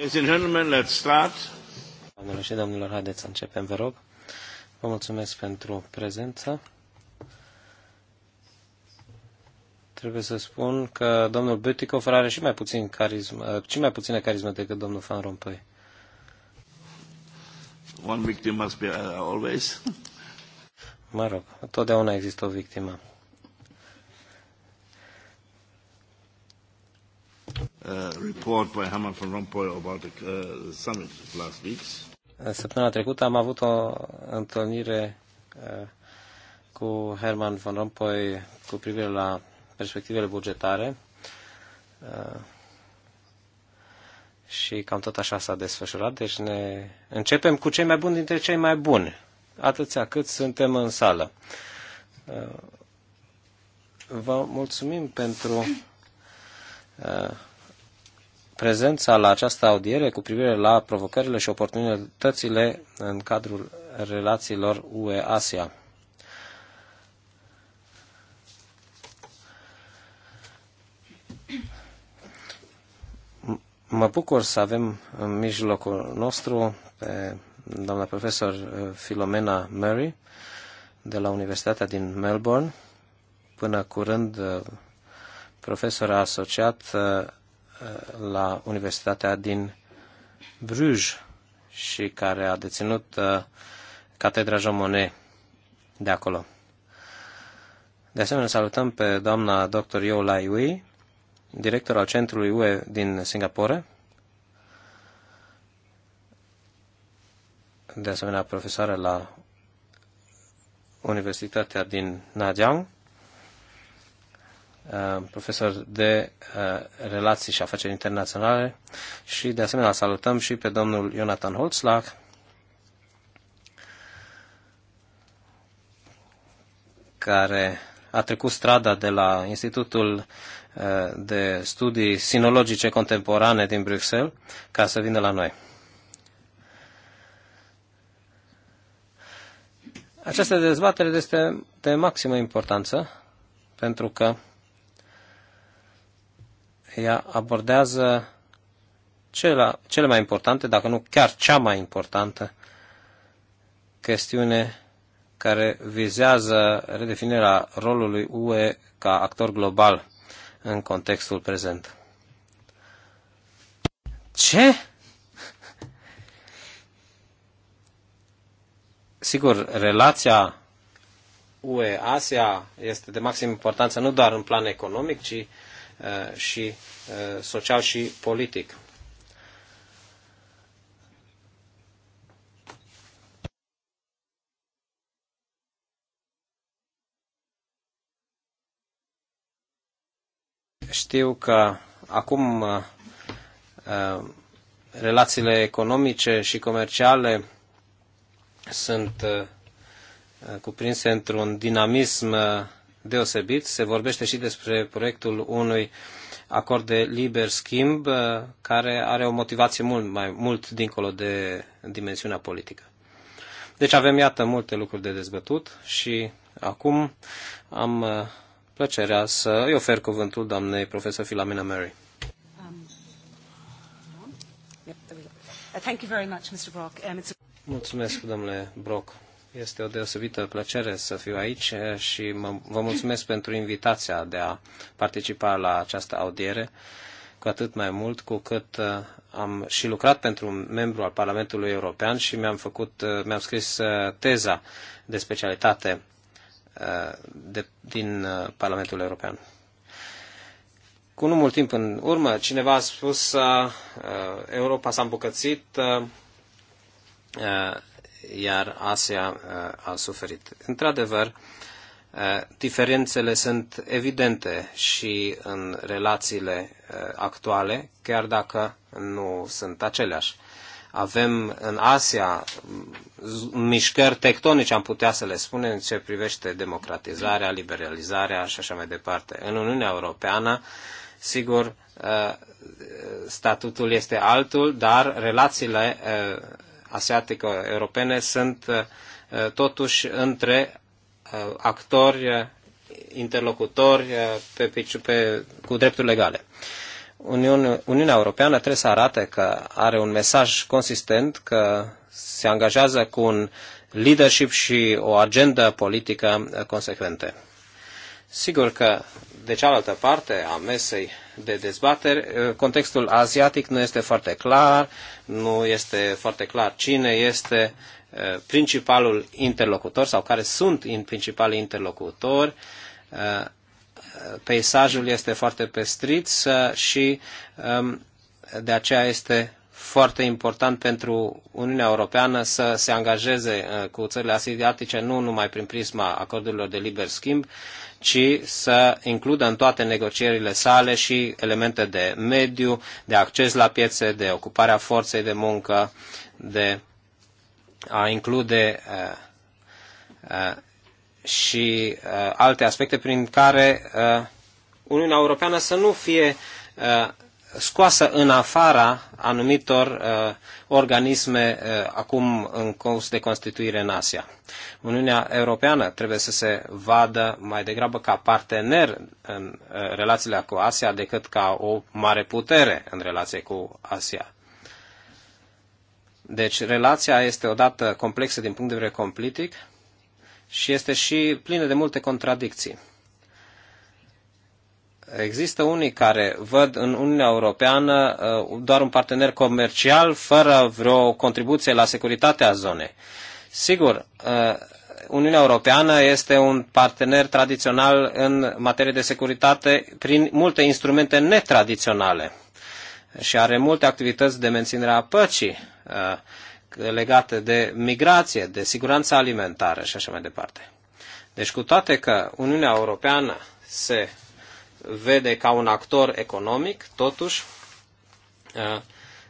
Ladies and gentlemen, let's start. Doamnelor și domnilor, haideți să începem, vă rog. Vă mulțumesc pentru prezență. Trebuie să spun că domnul Bütikofer are și mai, puțin carism, și mai puțină carismă decât domnul Van Rompuy. One victim must be uh, always. Mă rog, totdeauna există o victimă. report by Herman van Rompuy about the uh, summit last week. Uh, săptămâna trecută am avut o întâlnire uh, cu Herman van Rompuy cu privire la perspectivele bugetare uh, și cam tot așa s-a desfășurat. Deci ne începem cu cei mai buni dintre cei mai buni, atâția cât suntem în sală. vă mulțumim pentru prezența la această audiere cu privire la provocările și oportunitățile în cadrul relațiilor UE-Asia. Mă bucur să avem în mijlocul nostru pe doamna profesor uh, Filomena Murray de la Universitatea din Melbourne, până curând uh, profesor asociat la Universitatea din Bruj și care a deținut uh, Catedra Jean Monnet de acolo. De asemenea, salutăm pe doamna dr. Yo Lai Wei, director al Centrului UE din Singapore, de asemenea profesoară la Universitatea din Nanyang, Uh, profesor de uh, relații și afaceri internaționale și de asemenea salutăm și pe domnul Jonathan Holzlach, care a trecut strada de la Institutul uh, de Studii Sinologice Contemporane din Bruxelles ca să vină la noi. Această dezbatere este de maximă importanță pentru că ea abordează cele, cele mai importante, dacă nu chiar cea mai importantă chestiune care vizează redefinirea rolului UE ca actor global în contextul prezent. Ce? Sigur, relația UE-Asia este de maximă importanță nu doar în plan economic, ci Uh, și uh, social și politic. Știu că acum uh, relațiile economice și comerciale sunt cuprinse într-un dinamism deosebit. Se vorbește și despre proiectul unui acord de liber schimb uh, care are o motivație mult mai mult dincolo de dimensiunea politică. Deci avem, iată, multe lucruri de dezbătut și acum am uh, plăcerea să îi ofer cuvântul doamnei profesor Filamina Mary. Um, uh, um, Mulțumesc, domnule Brock. Este o deosebită plăcere să fiu aici și mă, vă mulțumesc pentru invitația de a participa la această audiere, cu atât mai mult cu cât uh, am și lucrat pentru un membru al Parlamentului European și mi-am făcut, uh, mi-am scris uh, teza de specialitate de, din Parlamentul European. Cu nu mult timp în urmă, cineva a spus că Europa s-a îmbucățit, iar Asia uh, a suferit. Într-adevăr, uh, diferențele sunt evidente și în relațiile uh, actuale, chiar dacă nu sunt aceleași. Avem în Asia mm, mișcări tectonice, am putea să le spunem, în ce privește democratizarea, liberalizarea și așa mai departe. În Uniunea Europeană, sigur, statutul este altul, dar relațiile asiatică europene sunt uh, totuși între uh, actori uh, interlocutori pe, pe, cu drepturi legale. Uniune, Uniunea Europeană trebuie să arate că are un mesaj consistent, că se angajează cu un leadership și o agendă politică consecvente. Sigur că, de cealaltă parte, a mesei de dezbateri. Uh, contextul asiatic nu este foarte clar, nu este foarte clar cine este uh, principalul interlocutor sau care sunt în principalii interlocutori. Uh, peisajul este foarte pestrit și um, de aceea este foarte important pentru Uniunea Europeană să se angajeze cu țările asiatice nu numai prin prisma acordurilor de liber schimb, ci să includă în toate negocierile sale și elemente de mediu, de acces la piețe, de ocuparea forței de muncă, de a include uh, uh, și uh, alte aspecte prin care Uniunea Europeană să nu fie scoasă în afara anumitor uh, organisme uh, acum în curs de constituire în Asia. Uniunea Europeană trebuie să se vadă mai degrabă ca partener în uh, relațiile cu Asia decât ca o mare putere în relație cu Asia. Deci relația este odată complexă din punct de vedere politic și este și plină de multe contradicții. Există unii care văd în Uniunea Europeană uh, doar un partener comercial fără vreo contribuție la securitatea zonei. Sigur, uh, Uniunea Europeană este un partener tradițional în materie de securitate prin multe instrumente netradiționale și are multe activități de menținere a păcii uh, legate de migrație, de siguranță alimentară și așa mai departe. Deci cu toate că Uniunea Europeană se vede ca un actor economic, totuși uh,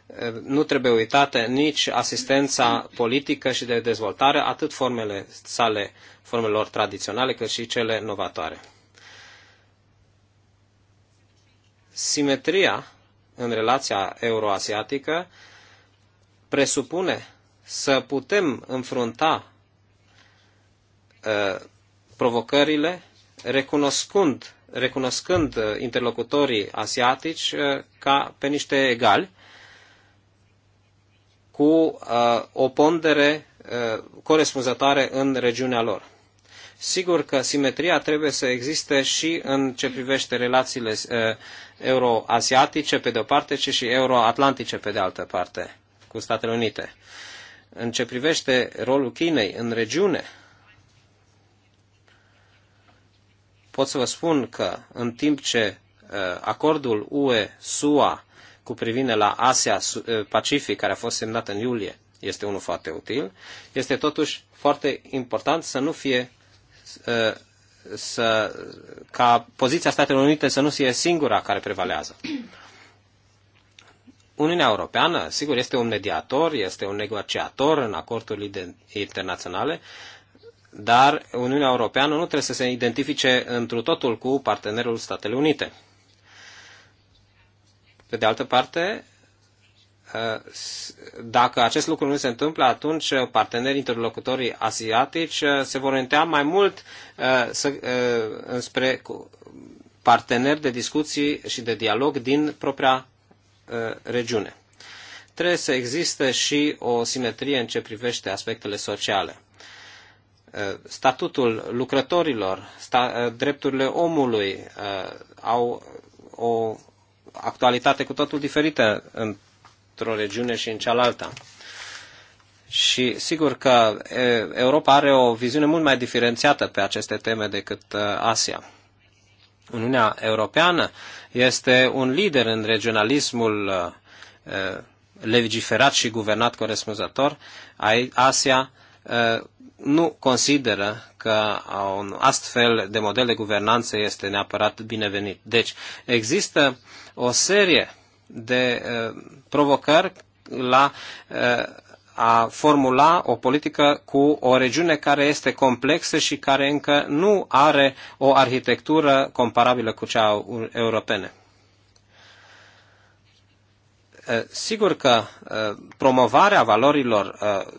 uh, nu trebuie uitate nici asistența politică și de dezvoltare, atât formele sale, formelor tradiționale, cât și cele novatoare. Simetria în relația euroasiatică presupune să putem înfrunta uh, provocările recunoscând recunoscând uh, interlocutorii asiatici uh, ca pe niște egali, cu uh, o pondere corespunzătoare în regiunea lor. Sigur că simetria trebuie să existe și în ce privește relațiile euroasiatice pe de-o parte, ci și euroatlantice pe de altă parte, cu Statele Unite. În ce privește rolul Chinei în regiune, pot să vă spun că în timp ce uh, acordul UE-SUA cu privire la Asia-Pacific, uh, care a fost semnat în iulie, este unul foarte util, este totuși foarte important să nu fie uh, să, ca poziția Statelor Unite să nu fie singura care prevalează. Uniunea Europeană, sigur, este un mediator, este un negociator în acordurile internaționale, dar Uniunea Europeană nu trebuie să se identifice întru totul cu partenerul Statele Unite. Pe de altă parte, uh, dacă acest lucru nu se întâmplă, atunci partenerii interlocutorii asiatici uh, se vor orienta mai mult uh, înspre parteneri de discuții și de dialog din propria regiune. Trebuie să existe și o simetrie în ce privește aspectele sociale. Eh, statutul lucrătorilor, sta, eh, drepturile omului eh, au o actualitate cu totul diferită într-o regiune și în cealaltă. Și sigur că Europa are o viziune mult mai diferențiată pe aceste teme decât Asia. Uniunea Europeană este un lider în regionalismul legiferat și guvernat corespunzător. Asia nu consideră că un astfel de model de guvernanță este neapărat binevenit. Deci există o serie de uh, provocări la uh, a formula o politică cu o regiune care este complexă și care încă nu are o arhitectură comparabilă cu cea europene. Uh, sigur că uh, promovarea valorilor uh,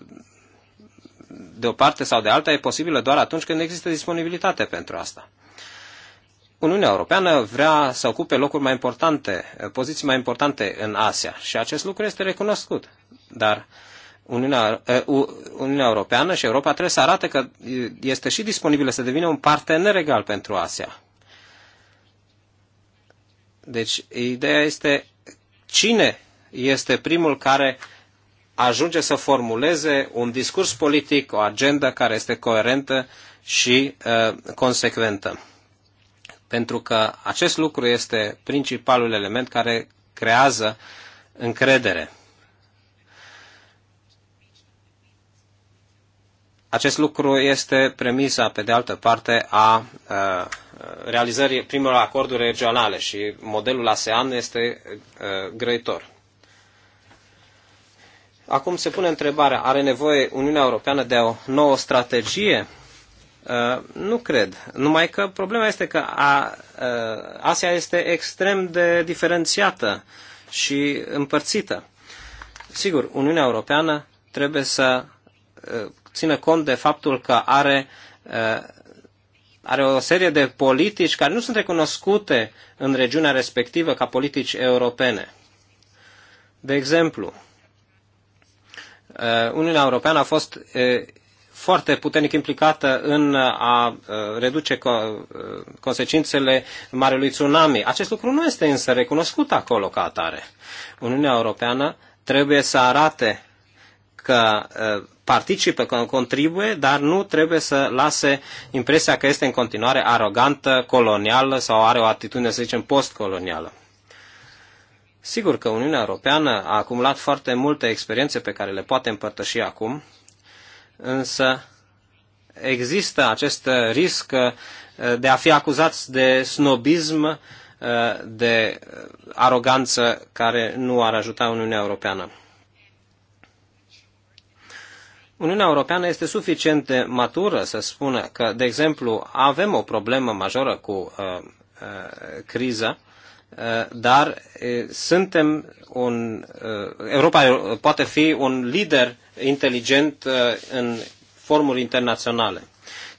de o parte sau de alta e posibilă doar atunci când există disponibilitate pentru asta. Uniunea Europeană vrea să ocupe locuri mai importante, poziții mai importante în Asia și acest lucru este recunoscut. Dar Uniunea, Uniunea Europeană și Europa trebuie să arate că este și disponibilă să devină un partener egal pentru Asia. Deci, ideea este cine este primul care uh, ajunge să formuleze un discurs politic, o agendă care este coerentă și uh, consecventă. Pentru că acest lucru este principalul element care creează încredere. Acest lucru este premisa, pe de altă parte, a uh, realizării primelor acorduri regionale și modelul ASEAN este uh, grăitor. Acum se pune întrebarea, are nevoie Uniunea Europeană de o nouă strategie? Uh, nu cred. Numai că problema este că uh, Asia este extrem de diferențiată și împărțită. Sigur, Uniunea Europeană trebuie să uh, țină cont de faptul că are, are o serie de politici care nu sunt recunoscute în regiunea respectivă ca politici europene. De exemplu, Uh, Uniunea Europeană a fost uh, foarte puternic implicată în uh, a reduce consecințele marelui tsunami. Acest lucru nu este însă recunoscut acolo ca atare. Uniunea Europeană trebuie să arate că participă, că contribuie, dar nu trebuie să lase impresia că este în continuare arogantă, colonială sau are o atitudine, să zicem, postcolonială. Sigur că Uniunea Europeană a acumulat foarte multe experiențe pe care le poate împărtăși acum, însă există acest risc uh, de a fi acuzați de snobism, uh, de aroganță care nu ar ajuta Uniunea Europeană. Uniunea Europeană este suficient de matură să spună că, de exemplu, avem o problemă majoră cu uh, uh, criza Eh, dar eh, suntem un, eh, Europa poate fi un lider inteligent în formuri internaționale.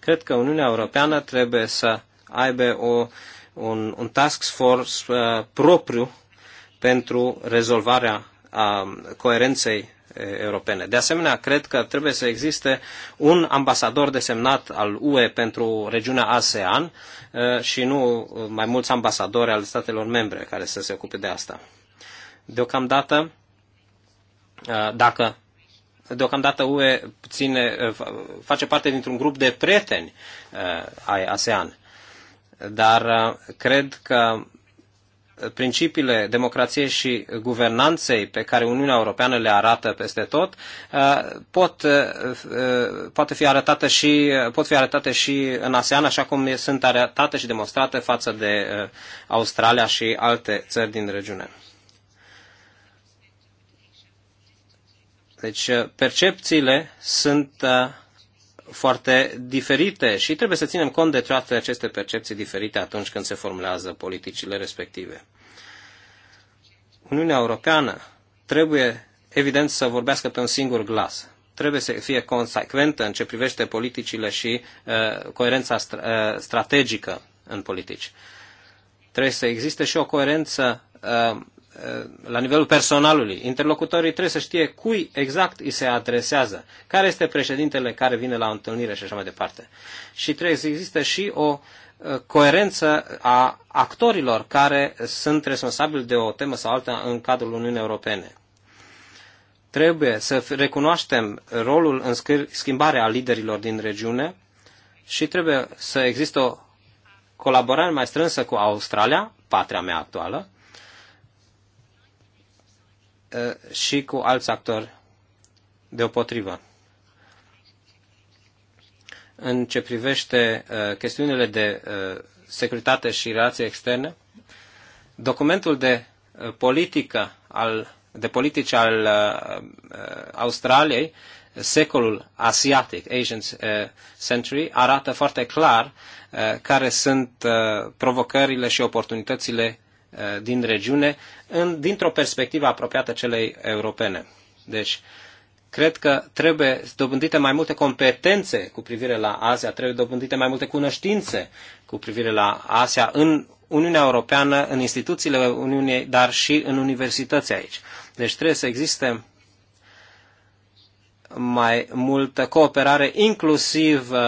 Cred că Uniunea Europeană trebuie să aibă o, un, un task force propriu pentru rezolvarea a coerenței europene. De asemenea, cred că trebuie să existe un ambasador desemnat al UE pentru regiunea ASEAN și nu mai mulți ambasadori al statelor membre care să se ocupe de asta. Deocamdată, dacă deocamdată UE ține, face parte dintr-un grup de prieteni ai ASEAN, dar cred că principiile democrației și guvernanței pe care Uniunea Europeană le arată peste tot uh, pot, uh, uh, poate fi arătate și, pot fi arătate și în ASEAN, așa cum sunt arătate și demonstrate față de Australia și alte țări din regiune. Deci percepțiile sunt foarte diferite și trebuie să ținem cont de toate aceste percepții diferite atunci când se formulează politicile respective. Uniunea Europeană trebuie, evident, să vorbească pe un singur glas. Trebuie să fie consecventă în ce privește politicile și uh, coerența str- uh, strategică în politici. Trebuie să existe și o coerență uh, la nivelul personalului. Interlocutorii trebuie să știe cui exact îi se adresează, care este președintele care vine la întâlnire și așa mai departe. Și trebuie să existe și o uh, coerență a actorilor care sunt responsabili de o temă sau alta în cadrul Uniunii Europene. Trebuie să recunoaștem rolul în schimbarea liderilor din regiune și trebuie să existe o colaborare mai strânsă cu Australia, patria mea actuală, Uh, și cu alți actori deopotrivă. În ce privește uh, chestiunile de uh, securitate și relații externe, documentul de politică al, de politici al Australiei secolul asiatic, Asian Century, arată foarte clar care sunt provocările și oportunitățile Uh, din regiune în, dintr-o perspectivă apropiată celei europene. Deci, cred că trebuie dobândite mai multe competențe cu privire la Asia, trebuie dobândite mai multe cunoștințe cu privire la Asia în Uniunea Europeană, în instituțiile Uniunii, dar și în universități aici. Deci trebuie să existe mai multă cooperare, inclusiv uh,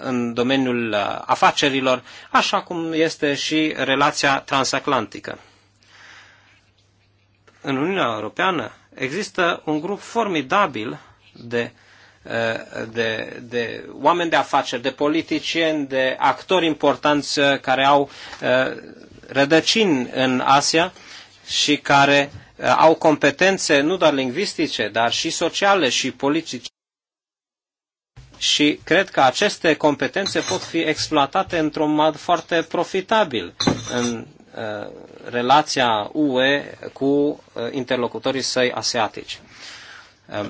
în domeniul uh, afacerilor, așa cum este și relația transatlantică. În Uniunea Europeană există un grup formidabil de, uh, de, de oameni de afaceri, de politicieni, de actori importanți care au rădăcini în Asia și care uh, Uh, au competențe nu doar lingvistice, dar și sociale și politice. Și cred că aceste competențe pot fi exploatate într-un mod foarte profitabil în uh, relația UE cu uh, interlocutorii săi asiatici. Uh,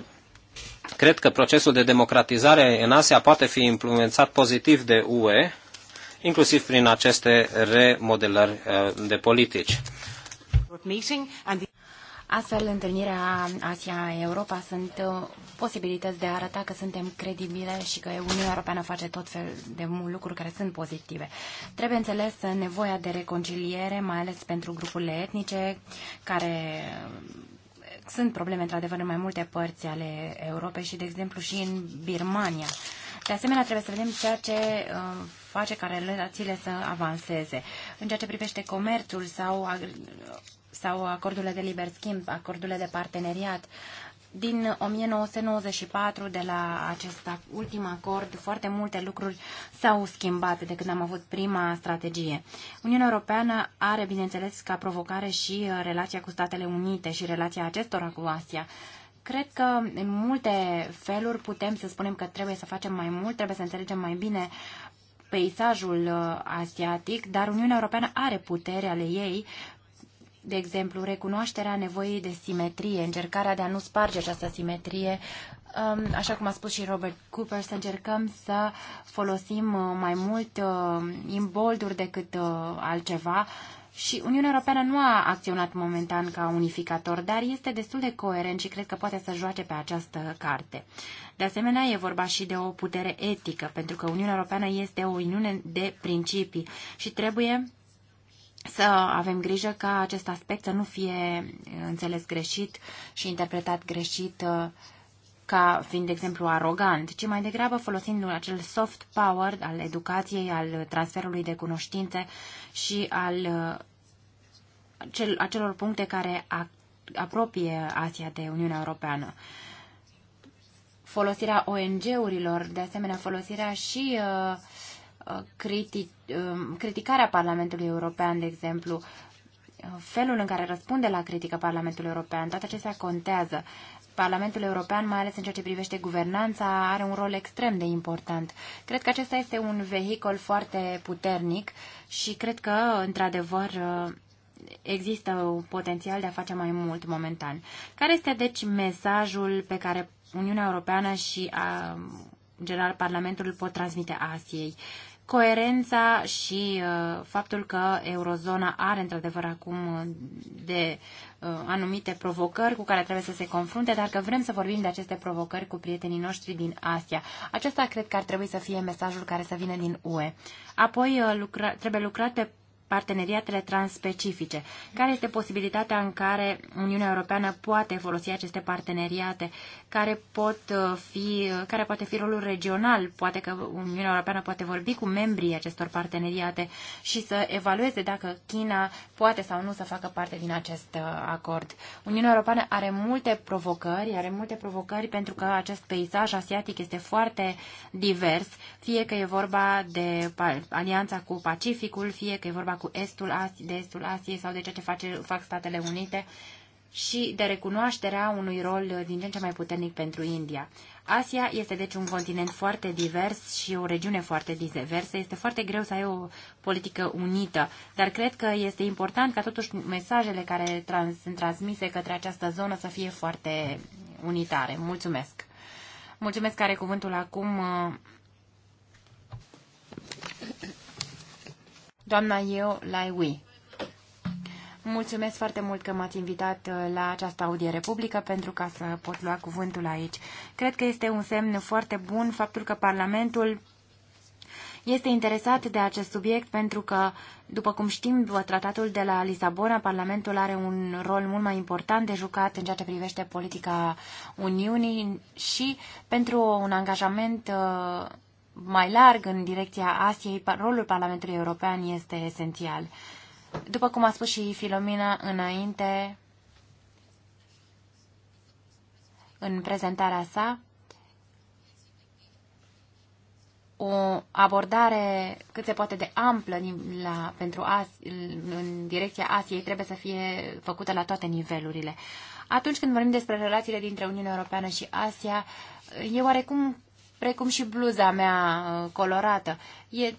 cred că procesul de democratizare în Asia poate fi influențat pozitiv de UE, inclusiv prin aceste remodelări uh, de politici. Astfel, întâlnirea Asia-Europa sunt uh, posibilități de a arăta că suntem credibile și că Uniunea Europeană face tot fel de lucruri care sunt pozitive. Trebuie înțeles nevoia de reconciliere, mai ales pentru grupurile etnice, care uh, sunt probleme, într-adevăr, în mai multe părți ale Europei și, de exemplu, și în Birmania. De asemenea, trebuie să vedem ceea ce uh, face ca relațiile să avanseze. În ceea ce privește comerțul sau sau acordurile de liber schimb, acordurile de parteneriat. Din 1994, de la acest ultim acord, foarte multe lucruri s-au schimbat de când am avut prima strategie. Uniunea Europeană are, bineînțeles, ca provocare și uh, relația cu Statele Unite și relația acestora cu Asia cred că în multe feluri putem să spunem că trebuie să facem mai mult, trebuie să înțelegem mai bine peisajul uh, asiatic, dar Uniunea Europeană are puterea ale ei de exemplu, recunoașterea nevoii de simetrie, încercarea de a nu sparge această simetrie, um, așa cum a spus și Robert Cooper, să încercăm să folosim uh, mai mult uh, imbolduri decât uh, altceva. Și Uniunea Europeană nu a acționat momentan ca unificator, dar este destul de coerent și cred că poate să joace pe această carte. De asemenea, e vorba și de o putere etică, pentru că Uniunea Europeană este o uniune de principii și trebuie să avem grijă ca acest aspect să nu fie înțeles greșit și interpretat greșit uh, ca fiind, de exemplu, arogant, ci mai degrabă folosind acel soft power al educației, al transferului de cunoștințe și al uh, acelor puncte care apropie Asia de Uniunea Europeană folosirea ONG-urilor, de asemenea folosirea și uh, criti- um, criticarea Parlamentului European, de exemplu, felul în care răspunde la critică Parlamentul European, toate acestea contează. Parlamentul European, mai ales în ceea ce privește guvernanța, are un rol extrem de important. Cred că acesta este un vehicol foarte puternic și cred că, într-adevăr, există un potențial de a face mai mult momentan. Care este, deci, mesajul pe care Uniunea Europeană și, a, în general, Parlamentul pot transmite Asiei? Uh, coerența și uh, faptul că eurozona are într-adevăr acum uh, de uh, anumite provocări cu care trebuie să se confrunte, dar că vrem să vorbim de aceste provocări cu prietenii noștri din Asia. Acesta cred că ar trebui să fie mesajul care să vină din UE. Apoi lucra, trebuie lucrat pe parteneriatele transpecifice, Care este posibilitatea în care Uniunea Europeană poate folosi aceste parteneriate? Care, pot uh, fi, care poate fi rolul regional? Poate că Uniunea Europeană poate vorbi cu membrii acestor parteneriate și să evalueze dacă China poate sau nu să facă parte din acest uh, acord. Uniunea Europeană are multe provocări, are multe provocări pentru că acest peisaj asiatic este foarte divers, fie că e vorba de alianța cu Pacificul, fie că e vorba cu estul Asi- de estul Asiei sau de ceea ce face, fac Statele Unite și de recunoașterea unui rol din ce în ce mai puternic pentru India. Asia este deci un continent foarte divers și o regiune foarte diversă. Este foarte greu să ai o politică unită, dar cred că este important ca totuși mesajele care trans, sunt transmise către această zonă să fie foarte unitare. Mulțumesc! Mulțumesc care cuvântul acum. Uh, doamna Io Wei. Mulțumesc foarte mult că m-ați invitat uh, la această audiere publică pentru ca să pot lua cuvântul aici. Cred că este un semn foarte bun faptul că Parlamentul este interesat de acest subiect pentru că, după cum știm, după tratatul de la Lisabona, Parlamentul are un rol mult mai important de jucat în ceea ce privește politica Uniunii și pentru un angajament uh, mai larg în direcția Asiei, rolul Parlamentului European este esențial. După cum a spus și Filomina înainte, în prezentarea sa, o abordare cât se poate de amplă la, pentru as, în direcția Asiei trebuie să fie făcută la toate nivelurile. Atunci când vorbim despre relațiile dintre Uniunea Europeană și Asia, e oarecum precum și bluza mea uh, colorată. E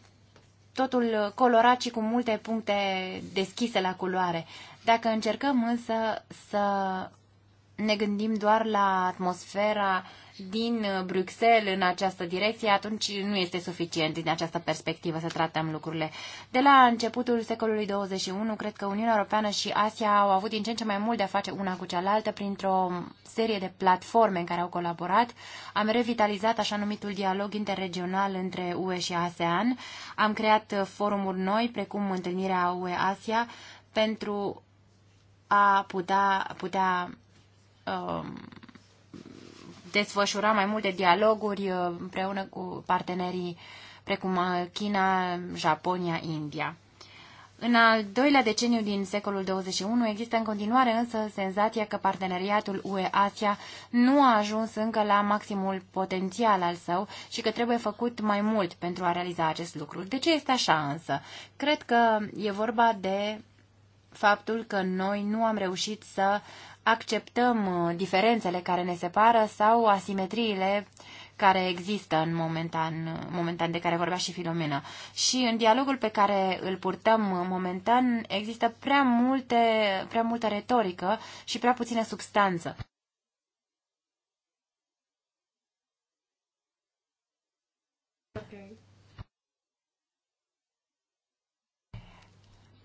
totul colorat și cu multe puncte deschise la culoare. Dacă încercăm însă să ne gândim doar la atmosfera din Bruxelles în această direcție, atunci nu este suficient din această perspectivă să tratăm lucrurile. De la începutul secolului 21, cred că Uniunea Europeană și Asia au avut din ce în ce mai mult de a face una cu cealaltă printr-o serie de platforme în care au colaborat. Am revitalizat așa numitul dialog interregional între UE și ASEAN. Am creat forumuri noi, precum întâlnirea UE-Asia, pentru a putea, putea Um, desfășura mai multe dialoguri uh, împreună cu partenerii precum uh, China, Japonia, India. În al doilea deceniu din secolul 21 există în continuare însă senzația că parteneriatul UE-Asia nu a ajuns încă la maximul potențial al său și că trebuie făcut mai mult pentru a realiza acest lucru. De ce este așa însă? Cred că e vorba de faptul că noi nu am reușit să uh, acceptăm uh, diferențele care ne separă sau asimetriile care există în momentan, uh, momentan de care vorbea și Filomena. Și în dialogul pe care îl purtăm uh, momentan există prea, multe, prea multă retorică și prea puțină substanță.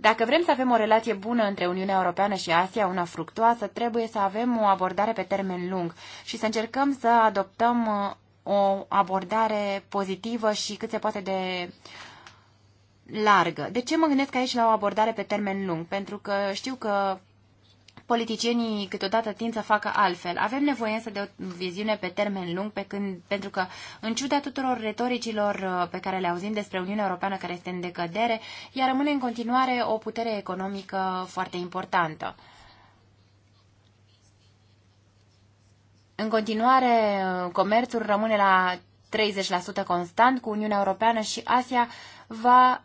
Dacă vrem să avem o relație bună între Uniunea Europeană și Asia, una fructuoasă, trebuie să avem o abordare pe termen lung și să încercăm să adoptăm uh, o abordare pozitivă și cât se poate de largă. De ce mă gândesc aici la o abordare pe termen lung? Pentru că știu că politicienii câteodată tind să facă altfel. Avem nevoie însă de o viziune pe termen lung, pe când, pentru că, în ciuda tuturor retoricilor uh, pe care le auzim despre Uniunea Europeană care este în decădere, ea rămâne în continuare o putere economică foarte importantă. În continuare, uh, comerțul rămâne la 30% constant cu Uniunea Europeană și Asia va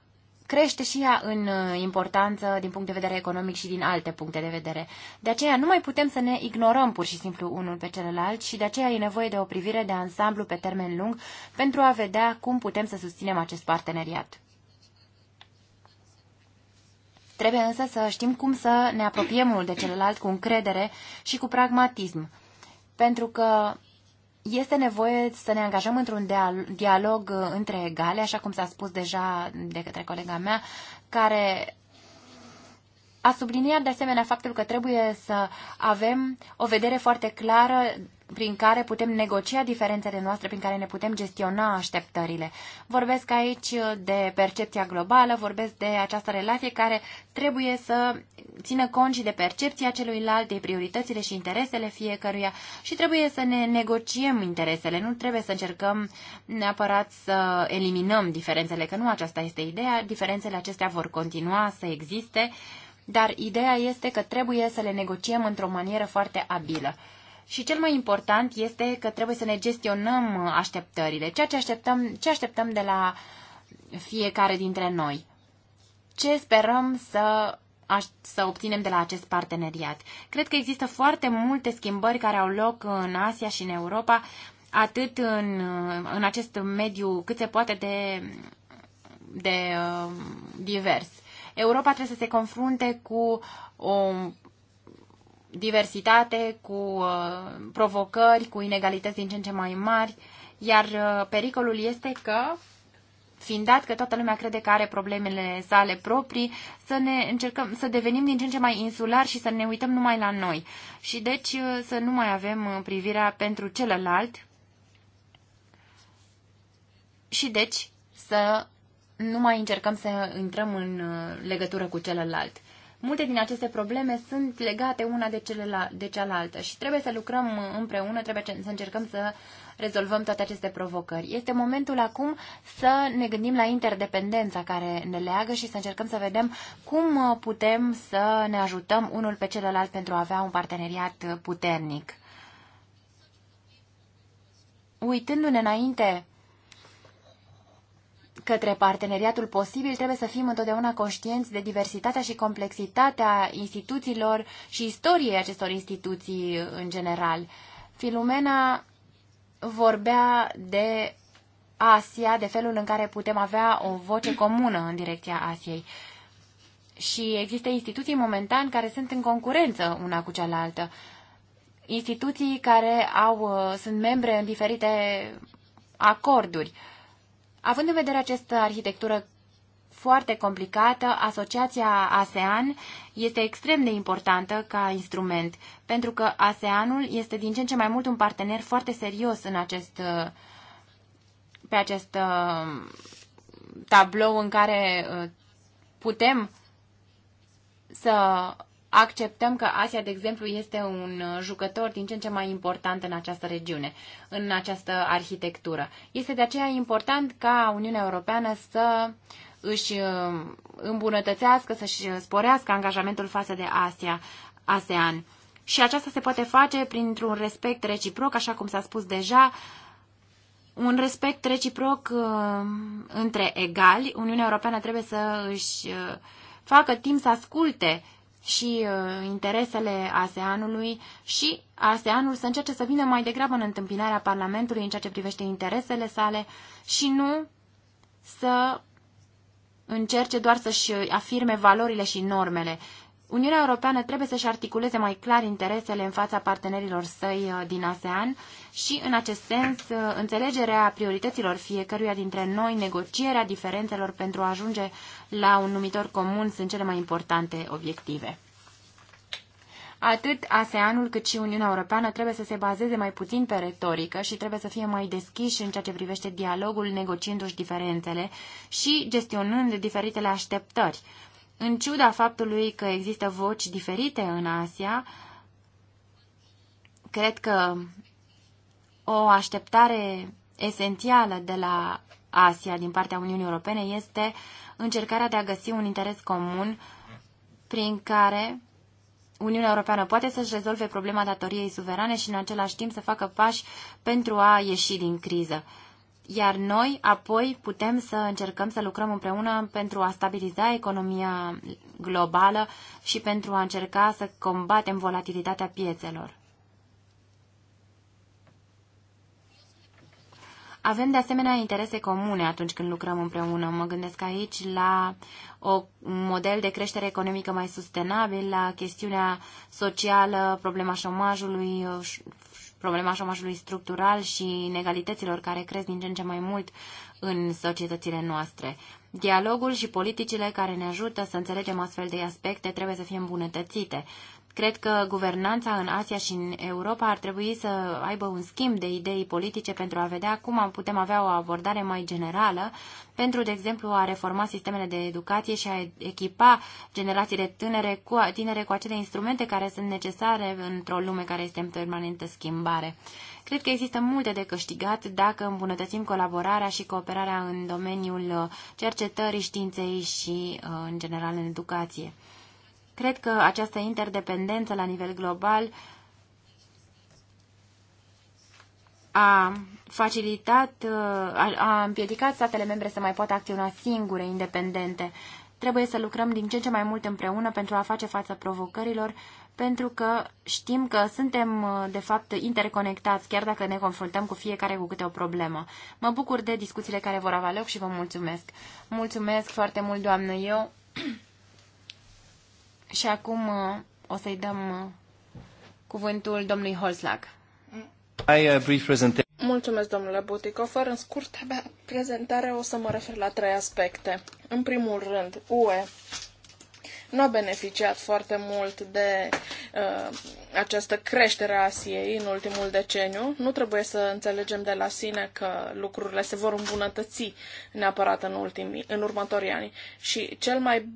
crește și ea în uh, importanță din punct de vedere economic și din alte puncte de vedere. De aceea nu mai putem să ne ignorăm pur și simplu unul pe celălalt și de aceea e nevoie de o privire de ansamblu pe termen lung pentru a vedea cum putem să susținem acest parteneriat. Trebuie însă să știm cum să ne apropiem unul de celălalt cu încredere și cu pragmatism, pentru că este nevoie să ne angajăm într-un dialog uh, între egale, așa cum s-a spus deja de către colega mea, care a subliniat de asemenea faptul că trebuie să avem o vedere foarte clară prin care putem negocia diferențele noastre, prin care ne putem gestiona așteptările. Vorbesc aici de percepția globală, vorbesc de această relație care trebuie să țină cont și de percepția celuilalt, de prioritățile și interesele fiecăruia și trebuie să ne negociem interesele, nu trebuie să încercăm neapărat să eliminăm diferențele, că nu aceasta este ideea, diferențele acestea vor continua să existe, dar ideea este că trebuie să le negociem într-o manieră foarte abilă și cel mai important este că trebuie să ne gestionăm așteptările, ceea ce așteptăm, ce așteptăm de la fiecare dintre noi. Ce sperăm să să obținem de la acest parteneriat. Cred că există foarte multe schimbări care au loc în Asia și în Europa, atât în, în acest mediu cât se poate de, de uh, divers. Europa trebuie să se confrunte cu o diversitate, cu uh, provocări, cu inegalități din ce în ce mai mari, iar uh, pericolul este că fiind dat că toată lumea crede că are problemele sale proprii, să ne încercăm să devenim din ce în ce mai insulari și să ne uităm numai la noi. Și deci uh, să nu mai avem privirea pentru celălalt și deci să nu mai încercăm să intrăm în legătură cu celălalt. Multe din aceste probleme sunt legate una de, celela, de cealaltă și trebuie să lucrăm împreună, trebuie să încercăm să rezolvăm toate aceste provocări. Este momentul acum să ne gândim la interdependența care ne leagă și să încercăm să vedem cum uh, putem să ne ajutăm unul pe celălalt pentru a avea un parteneriat puternic. Uitându-ne înainte către parteneriatul posibil, trebuie să fim întotdeauna conștienți de diversitatea și complexitatea instituțiilor și istoriei acestor instituții în general. Filumena vorbea de Asia, de felul în care putem avea o voce comună în direcția Asiei. Și există instituții momentan care sunt în concurență una cu cealaltă. Instituții care au, uh, sunt membre în diferite acorduri. Uh, Având în vedere această arhitectură foarte complicată, Asociația ASEAN este extrem de importantă ca instrument, pentru că ASEANul este din ce în ce mai mult un partener foarte serios în acest, pe acest um, tablou în care uh, putem să acceptăm că Asia, de exemplu, este un uh, jucător din ce în ce mai important în această regiune, în această arhitectură. Este de aceea important ca Uniunea Europeană să își uh, îmbunătățească, să-și uh, sporească angajamentul față de Asia, ASEAN. Și aceasta se poate face printr-un respect reciproc, așa cum s-a spus deja, un respect reciproc uh, între egali. Uniunea Europeană trebuie să își uh, facă timp să asculte și uh, interesele ASEANului și ASEANul să încerce să vină mai degrabă în întâmpinarea Parlamentului în ceea ce privește interesele sale și nu să încerce doar să-și afirme valorile și normele. Uniunea Europeană trebuie să-și articuleze mai clar interesele în fața partenerilor săi uh, din ASEAN și, în acest sens, uh, înțelegerea priorităților fiecăruia dintre noi, negocierea diferențelor pentru a ajunge la un numitor comun sunt cele mai importante obiective. Atât ASEANul cât și Uniunea Europeană trebuie să se bazeze mai puțin pe retorică și trebuie să fie mai deschiși în ceea ce privește dialogul, negociindu-și diferențele și gestionând diferitele așteptări, în ciuda faptului că există voci diferite în Asia, cred că o așteptare esențială de la Asia din partea Uniunii Europene este încercarea de a găsi un interes comun prin care Uniunea Europeană poate să-și rezolve problema datoriei suverane și în același timp să facă pași pentru a ieși din criză iar noi apoi putem să încercăm să lucrăm împreună pentru a stabiliza economia globală și pentru a încerca să combatem volatilitatea piețelor. Avem de asemenea interese comune atunci când lucrăm împreună. Mă gândesc aici la o, un model de creștere economică mai sustenabil, la chestiunea socială, problema șomajului, problema șomajului structural și inegalităților care cresc din ce în ce mai mult în societățile noastre. Dialogul și politicile care ne ajută să înțelegem astfel de aspecte trebuie să fie îmbunătățite. Cred că guvernanța în Asia și în Europa ar trebui să aibă un schimb de idei politice pentru a vedea cum putem avea o abordare mai generală pentru, de exemplu, a reforma sistemele de educație și a echipa generațiile tânere cu, tinere cu acele instrumente care sunt necesare într-o lume care este în permanentă schimbare. Cred că există multe de câștigat dacă îmbunătățim colaborarea și cooperarea în domeniul uh, cercetării științei și, uh, în general, în educație. Cred că această interdependență la nivel global a facilitat, uh, a, împiedicat statele membre să mai poată acționa singure, independente. Trebuie să lucrăm din ce în ce mai mult împreună pentru a face față provocărilor, pentru că știm că suntem, uh, de fapt, interconectați, chiar dacă ne confruntăm cu fiecare cu câte o problemă. Mă bucur de discuțiile care vor avea loc și vă mulțumesc. Mulțumesc foarte mult, doamnă, eu. Și acum uh, o să-i dăm uh, cuvântul domnului uh, brief Mulțumesc, domnule Fără În scurtă prezentare o să mă refer la trei aspecte. În primul rând, UE nu a beneficiat foarte mult de uh, această creștere a Asiei în ultimul deceniu. Nu trebuie să înțelegem de la sine că lucrurile se vor îmbunătăți neapărat în, ultimii, în următorii ani. Și cel mai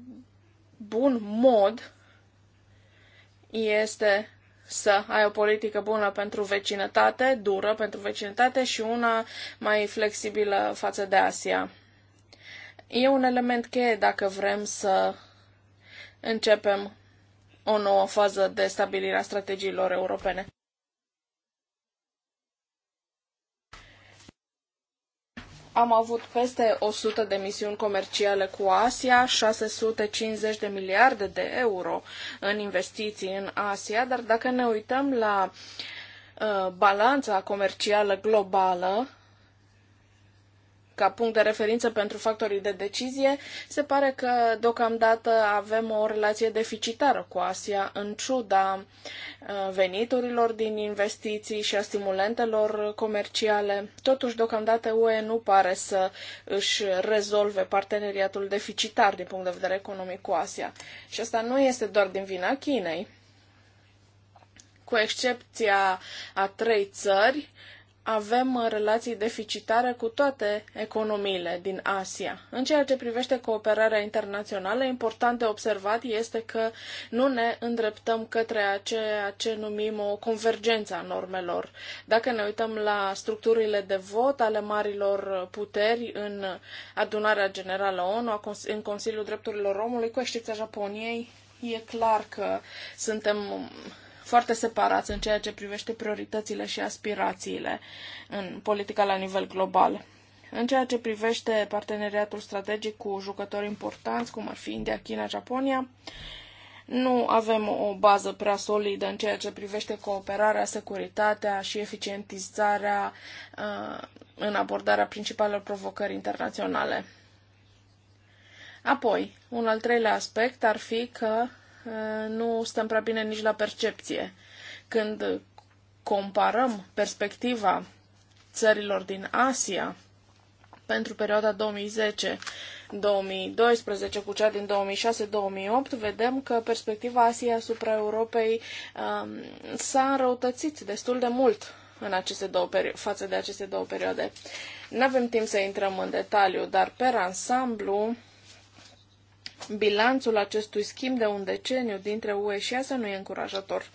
bun mod este să ai o politică bună pentru vecinătate, dură pentru vecinătate și una mai flexibilă față de Asia. E un element cheie dacă vrem să începem o nouă fază de stabilire a strategiilor europene. Am avut peste 100 de misiuni comerciale cu Asia, 650 de miliarde de euro în investiții în Asia, dar dacă ne uităm la uh, balanța comercială globală, ca punct de referință pentru factorii de decizie, se pare că deocamdată avem o relație deficitară cu Asia, în ciuda uh, veniturilor din investiții și a stimulentelor comerciale. Totuși, deocamdată UE nu pare să își rezolve parteneriatul deficitar din punct de vedere economic cu Asia. Și asta nu este doar din vina Chinei. Cu excepția a trei țări, avem uh, relații deficitare cu toate economiile din Asia. În ceea ce privește cooperarea internațională, important de observat este că nu ne îndreptăm către ceea ce numim o convergență a normelor. Dacă ne uităm la structurile de vot ale marilor puteri în adunarea generală ONU, în Consiliul Drepturilor Omului, cu excepția Japoniei, e clar că suntem foarte separați în ceea ce privește prioritățile și aspirațiile în politica la nivel global. În ceea ce privește parteneriatul strategic cu jucători importanți, cum ar fi India, China, Japonia, nu avem o bază prea solidă în ceea ce privește cooperarea, securitatea și eficientizarea uh, în abordarea principalelor provocări internaționale. Apoi, un al treilea aspect ar fi că Eh, nu stăm prea bine nici la percepție. Când comparăm perspectiva țărilor din Asia pentru perioada 2010-2012 cu cea din 2006-2008, vedem că perspectiva Asiei asupra Europei um, s-a înrăutățit destul de mult în aceste două perio- față de aceste două perioade. Nu avem timp să intrăm în detaliu, dar per ansamblu Bilanțul acestui schimb de un deceniu dintre UE și ASE nu e încurajator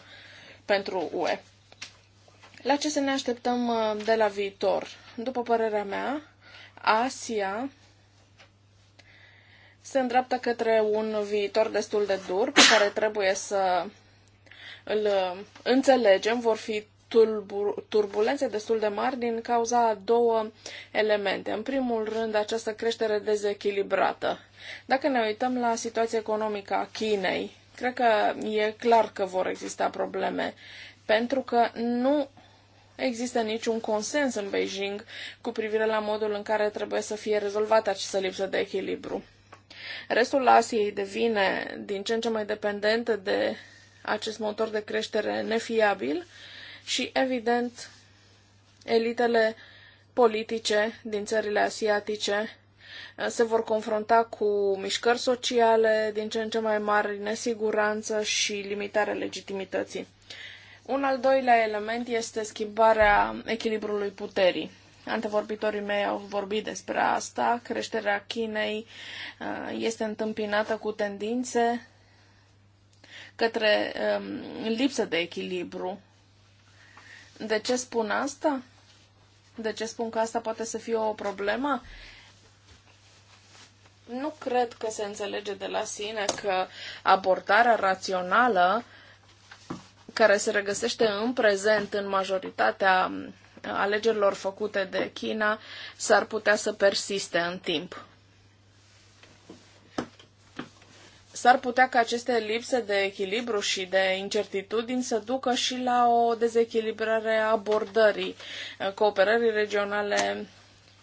pentru UE. La ce să ne așteptăm uh, de la viitor? După părerea mea, Asia se îndreaptă către un viitor destul de dur pe care trebuie să îl uh, înțelegem. Vor fi turbulențe destul de mari din cauza a două elemente. În primul rând, această creștere dezechilibrată. Dacă ne uităm la situația economică a Chinei, cred că e clar că vor exista probleme, pentru că nu există niciun consens în Beijing cu privire la modul în care trebuie să fie rezolvată această lipsă de echilibru. Restul Asiei devine din ce în ce mai dependentă de acest motor de creștere nefiabil și, evident, elitele politice din țările asiatice uh, se vor confrunta cu mișcări sociale din ce în ce mai mari, nesiguranță și limitarea legitimității. Un al doilea element este schimbarea echilibrului puterii. Antevorbitorii mei au vorbit despre asta. Creșterea Chinei uh, este întâmpinată cu tendințe către um, lipsă de echilibru de ce spun asta? De ce spun că asta poate să fie o problemă? Nu cred că se înțelege de la sine că abordarea rațională care se regăsește în prezent în majoritatea um, alegerilor făcute de China s-ar putea să persiste în timp. s-ar putea ca aceste lipse de echilibru și de incertitudini să ducă și la o dezechilibrare a abordării uh, cooperării regionale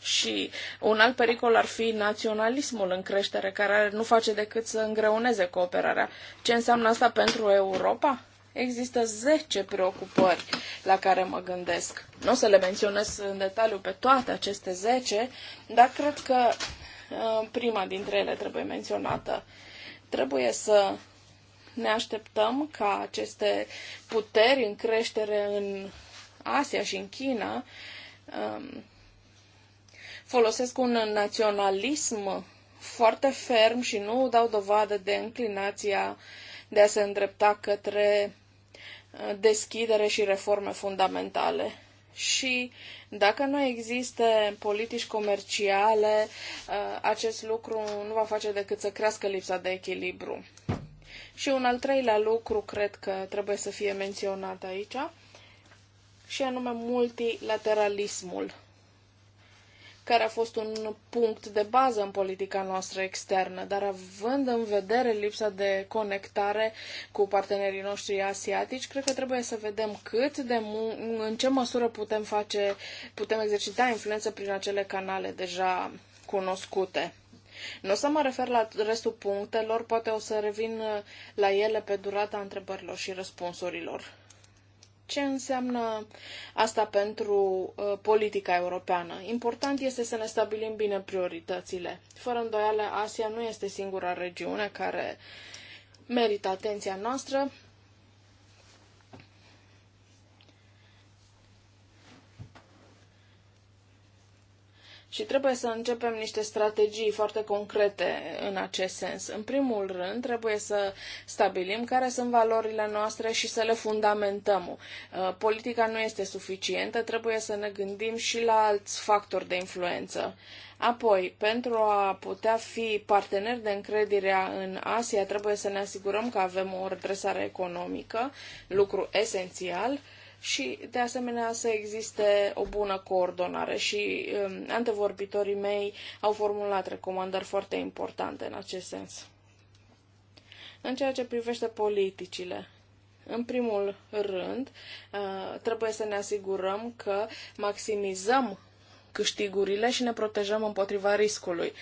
și un alt pericol ar fi naționalismul în creștere, care nu face decât să îngreuneze cooperarea. Ce înseamnă asta pentru Europa? Există 10 preocupări la care mă gândesc. Nu o să le menționez în detaliu pe toate aceste 10, dar cred că uh, prima dintre ele trebuie menționată. Trebuie să ne așteptăm ca aceste puteri în creștere în Asia și în China um, folosesc un naționalism foarte ferm și nu dau dovadă de înclinația de a se îndrepta către uh, deschidere și reforme fundamentale și dacă nu există politici comerciale, uh, acest lucru nu va face decât să crească lipsa de echilibru. Și un al treilea lucru cred că trebuie să fie menționat aici, și anume multilateralismul care a fost un punct de bază în politica noastră externă, dar având în vedere lipsa de conectare cu partenerii noștri asiatici, cred că trebuie să vedem cât de în ce măsură putem face, putem exercita influență prin acele canale deja cunoscute. Nu o să mă refer la restul punctelor, poate o să revin la ele pe durata întrebărilor și răspunsurilor ce înseamnă asta pentru uh, politica europeană. Important este să ne stabilim bine prioritățile. Fără îndoială, Asia nu este singura regiune care merită atenția noastră. Și trebuie să începem niște strategii foarte concrete în acest sens. În primul rând, trebuie să stabilim care sunt valorile noastre și să le fundamentăm. Uh, politica nu este suficientă, trebuie să ne gândim și la alți factori de influență. Apoi, pentru a putea fi parteneri de încredere în Asia, trebuie să ne asigurăm că avem o redresare economică, lucru esențial, și, de asemenea, să existe o bună coordonare. Și um, antevorbitorii mei au formulat recomandări foarte importante în acest sens. În ceea ce privește politicile, în primul rând, uh, trebuie să ne asigurăm că maximizăm câștigurile și ne protejăm împotriva riscului. Uh,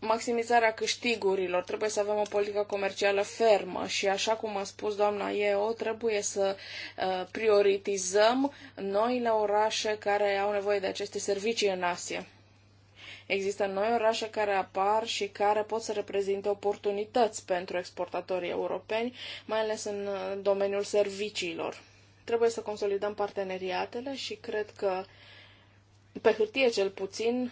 maximizarea câștigurilor, trebuie să avem o politică comercială fermă și, așa cum a spus doamna Eo, trebuie să uh, prioritizăm noile orașe care au nevoie de aceste servicii în Asia. Există noi orașe care apar și care pot să reprezinte oportunități pentru exportatorii europeni, mai ales în uh, domeniul serviciilor. Trebuie să consolidăm parteneriatele și cred că, pe hârtie cel puțin,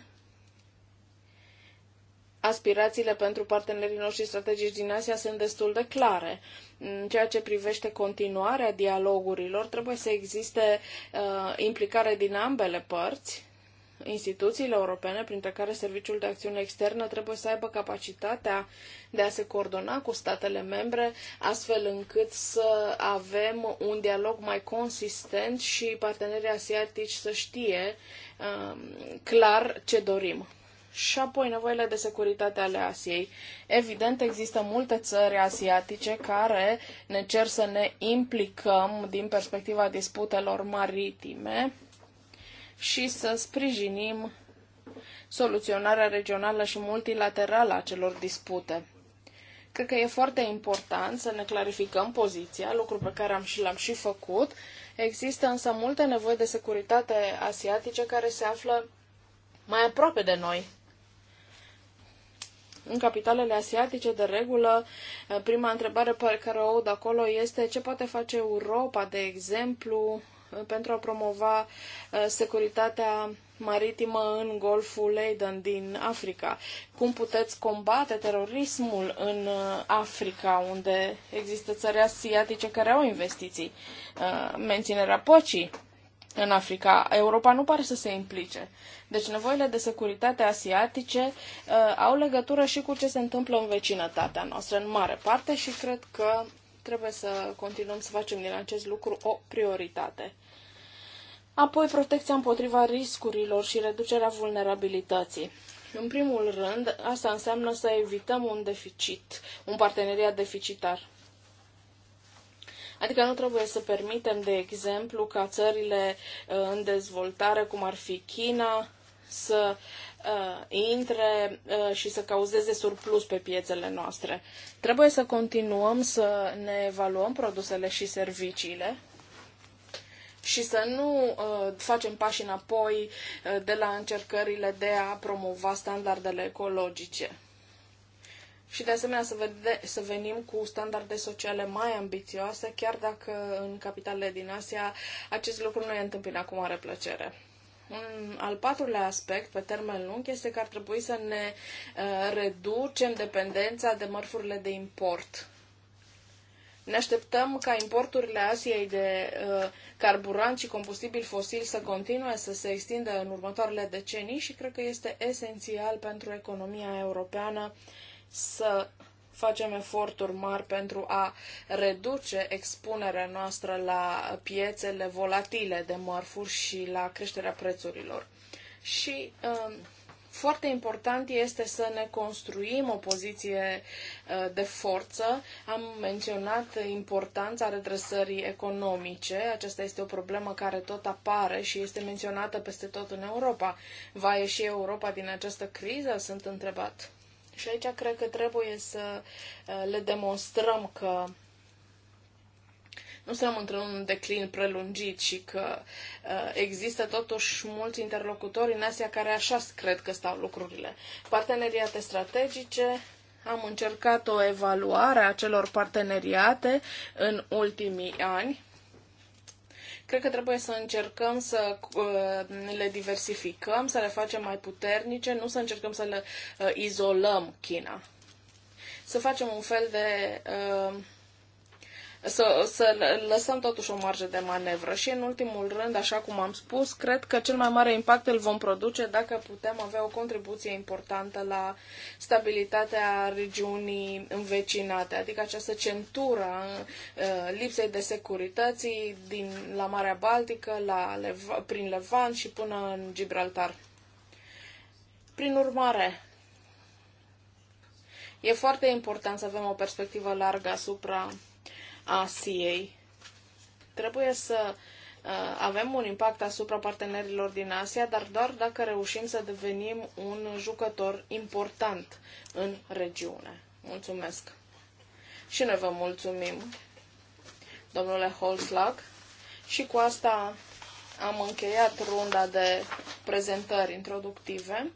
aspirațiile pentru partenerii noștri strategici din Asia sunt destul de clare. În ceea ce privește continuarea dialogurilor, trebuie să existe uh, implicare din ambele părți. Instituțiile europene, printre care Serviciul de Acțiune Externă, trebuie să aibă capacitatea de a se coordona cu statele membre, astfel încât să avem un dialog mai consistent și partenerii asiatici să știe uh, clar ce dorim și apoi nevoile de securitate ale Asiei. Evident, există multe țări asiatice care ne cer să ne implicăm din perspectiva disputelor maritime și să sprijinim soluționarea regională și multilaterală a celor dispute. Cred că e foarte important să ne clarificăm poziția, lucru pe care am și l-am și făcut. Există însă multe nevoi de securitate asiatice care se află mai aproape de noi. În capitalele asiatice, de regulă, eh, prima întrebare pe care o aud acolo este ce poate face Europa, de exemplu, eh, pentru a promova eh, securitatea maritimă în Golful Aden din Africa. Cum puteți combate terorismul în Africa, unde există țări asiatice care au investiții? Menținerea păcii în Africa. Europa nu pare să se implice. Deci nevoile de securitate asiatice uh, au legătură și cu ce se întâmplă în vecinătatea noastră, în mare parte, și cred că trebuie să continuăm să facem din acest lucru o prioritate. Apoi, protecția împotriva riscurilor și reducerea vulnerabilității. În primul rând, asta înseamnă să evităm un deficit, un parteneriat deficitar. Adică nu trebuie să permitem, de exemplu, ca țările uh, în dezvoltare, cum ar fi China, să uh, intre uh, și să cauzeze surplus pe piețele noastre. Trebuie să continuăm să ne evaluăm produsele și serviciile și să nu uh, facem pași înapoi uh, de la încercările de a promova standardele ecologice și de asemenea să, vede, să venim cu standarde sociale mai ambițioase, chiar dacă în capitalele din Asia acest lucru nu e întâmpinat cu mare plăcere. Un al patrulea aspect, pe termen lung, este că ar trebui să ne uh, reducem dependența de mărfurile de import. Ne așteptăm ca importurile Asiei de uh, carburant și combustibil fosil să continue să se extindă în următoarele decenii și cred că este esențial pentru economia europeană uh, să facem eforturi mari pentru a reduce expunerea noastră la piețele volatile de mărfuri și la creșterea prețurilor. Și um, foarte important este să ne construim o poziție uh, de forță. Am menționat importanța redresării economice. Aceasta este o problemă care tot apare și este menționată peste tot în Europa. Va ieși Europa din această criză? Sunt întrebat. Și aici cred că trebuie să uh, le demonstrăm că nu suntem într-un declin prelungit și că uh, există totuși mulți interlocutori în Asia care așa cred că stau lucrurile. Parteneriate strategice, am încercat o evaluare a celor parteneriate în ultimii ani Cred că trebuie să încercăm să uh, le diversificăm, să le facem mai puternice, nu să încercăm să le uh, izolăm China. Să facem un fel de uh, să, să lăsăm totuși o marjă de manevră. Și în ultimul rând, așa cum am spus, cred că cel mai mare impact îl vom produce dacă putem avea o contribuție importantă la stabilitatea regiunii învecinate, adică această centură uh, lipsei de securității din, la Marea Baltică, la, prin Levant și până în Gibraltar. Prin urmare, e foarte important să avem o perspectivă largă asupra Asiei. Trebuie să uh, avem un impact asupra partenerilor din Asia, dar doar dacă reușim să devenim un jucător important în regiune. Mulțumesc! Și noi vă mulțumim, domnule Holslag. Și cu asta am încheiat runda de prezentări introductive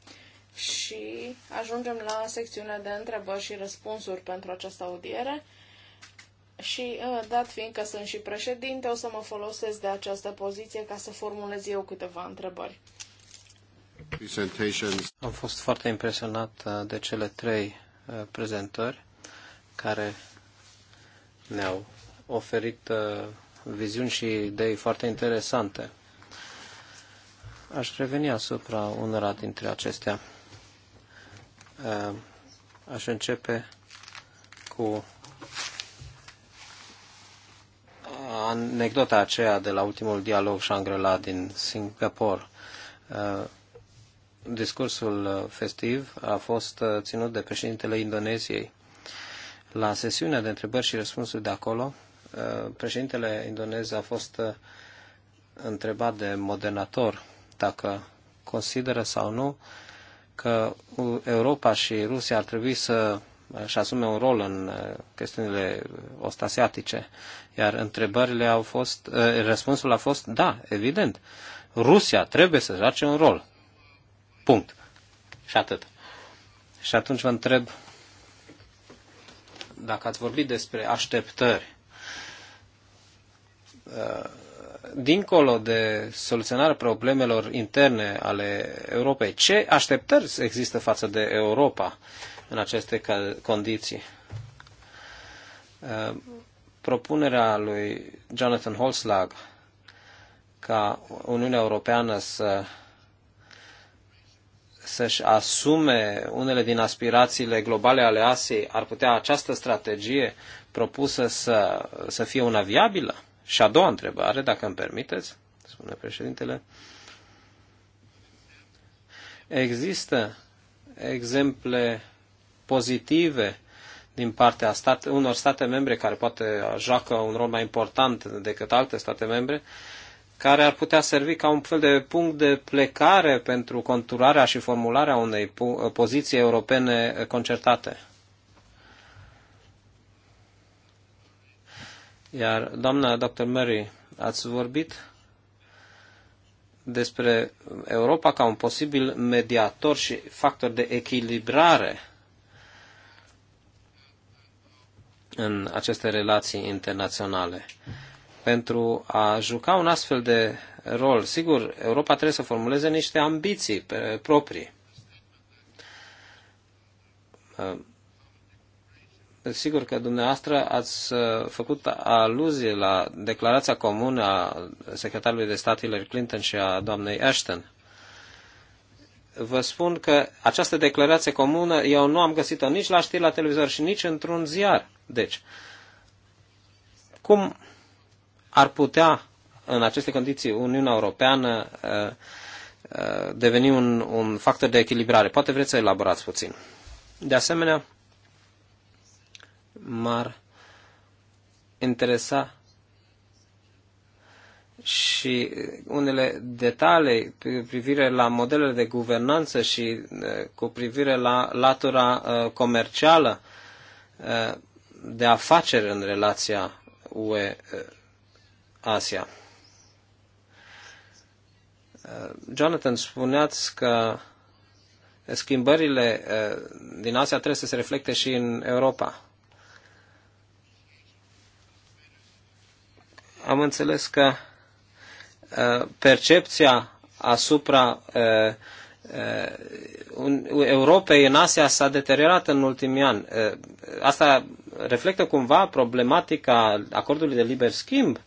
și ajungem la secțiunea de întrebări și răspunsuri pentru această audiere. Și uh, dat fiind că sunt și președinte, o să mă folosesc de această poziție ca să formulez eu câteva întrebări. Am fost foarte impresionat uh, de cele trei uh, prezentări care ne-au oferit viziuni și idei foarte interesante. Aș reveni asupra unora dintre acestea. Aș începe cu anecdota aceea de la ultimul dialog Shangri-La din Singapore. Uh, discursul uh, festiv a fost uh, ținut de președintele Indoneziei. La sesiunea de întrebări și răspunsuri de acolo, președintele indonez a fost întrebat de modernator dacă consideră sau nu că Europa și Rusia ar trebui să își asume un rol în uh, chestiunile ostasiatice. Iar întrebările au fost, uh, răspunsul a fost da, evident. Rusia trebuie să joace un rol. Punct. Și atât. Și atunci vă întreb dacă ați vorbit despre așteptări uh, dincolo de soluționarea problemelor interne ale Europei, ce așteptări există față de Europa? în aceste condiții. Uh, propunerea lui Jonathan Holslag ca Uniunea Europeană să să-și asume unele din aspirațiile globale ale Asiei, ar putea această strategie propusă să, să fie una viabilă? Și a doua întrebare, dacă îmi permiteți, spune președintele. Există exemple pozitive din partea stat, unor state membre care poate joacă un rol mai important decât alte state membre, care ar putea servi ca un fel de punct de plecare pentru conturarea și formularea unei poziții europene concertate. Iar doamna dr. Murray, ați vorbit despre Europa ca un posibil mediator și factor de echilibrare în aceste relații internaționale. Pentru a juca un astfel de rol, sigur, Europa trebuie să formuleze niște ambiții proprii. Uh, sigur că dumneavoastră ați uh, făcut aluzie la declarația comună a secretarului de stat Hillary Clinton și a doamnei Ashton vă spun că această declarație comună eu nu am găsit-o nici la știri la televizor și nici într-un ziar. Deci, cum ar putea în aceste condiții Uniunea Europeană uh, uh, deveni un, un factor de echilibrare? Poate vreți să elaborați puțin. De asemenea, m-ar interesa și unele detalii cu privire la modelele de guvernanță și eh, cu privire la latura eh, comercială eh, de afaceri în relația UE-Asia. Jonathan, spuneați că schimbările din Asia trebuie să se reflecte și în Europa. Am înțeles că Uh, percepția asupra uh, uh, Europei în Asia s-a deteriorat în ultimii ani. Asta reflectă cumva problematica acordului de liber schimb.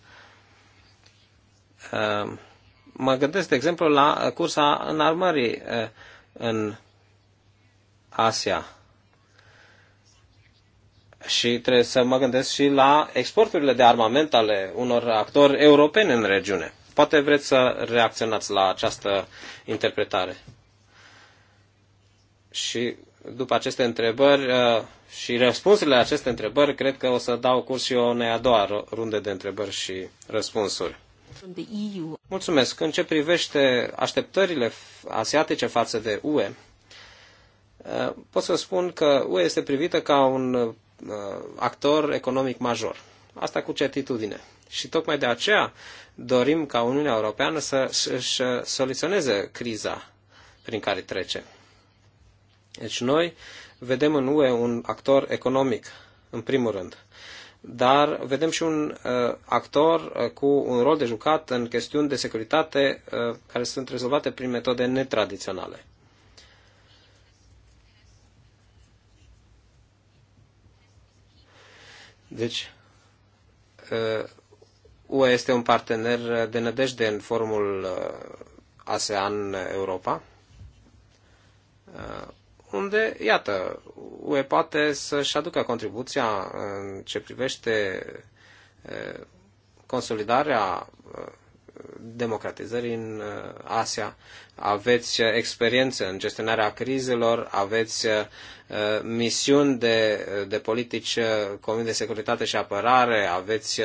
Mă gândesc, de exemplu, la cursa în armării în Asia. Și trebuie să mă gândesc și la exporturile de armament ale unor actori europeni în regiune. Poate vreți să reacționați la această interpretare. Și după aceste întrebări uh, și răspunsurile la aceste întrebări, cred că o să dau curs și eu unei a doua runde de întrebări și răspunsuri. Mulțumesc. În ce privește așteptările asiatice față de UE, uh, pot să spun că UE este privită ca un uh, actor economic major. Asta cu certitudine. Și tocmai de aceea dorim ca Uniunea Europeană să își soluționeze criza prin care trece. Deci noi vedem în UE un actor economic, în primul rând, dar vedem și un uh, actor uh, cu un rol de jucat în chestiuni de securitate uh, care sunt rezolvate prin metode netradiționale. Deci, uh, UE este un partener de nădejde în forumul uh, ASEAN-Europa, uh, unde, iată, UE poate să-și aducă contribuția în ce privește uh, consolidarea democratizării în Asia. Aveți experiență în gestionarea crizelor, aveți misiuni de, de politici, comun de securitate și apărare, aveți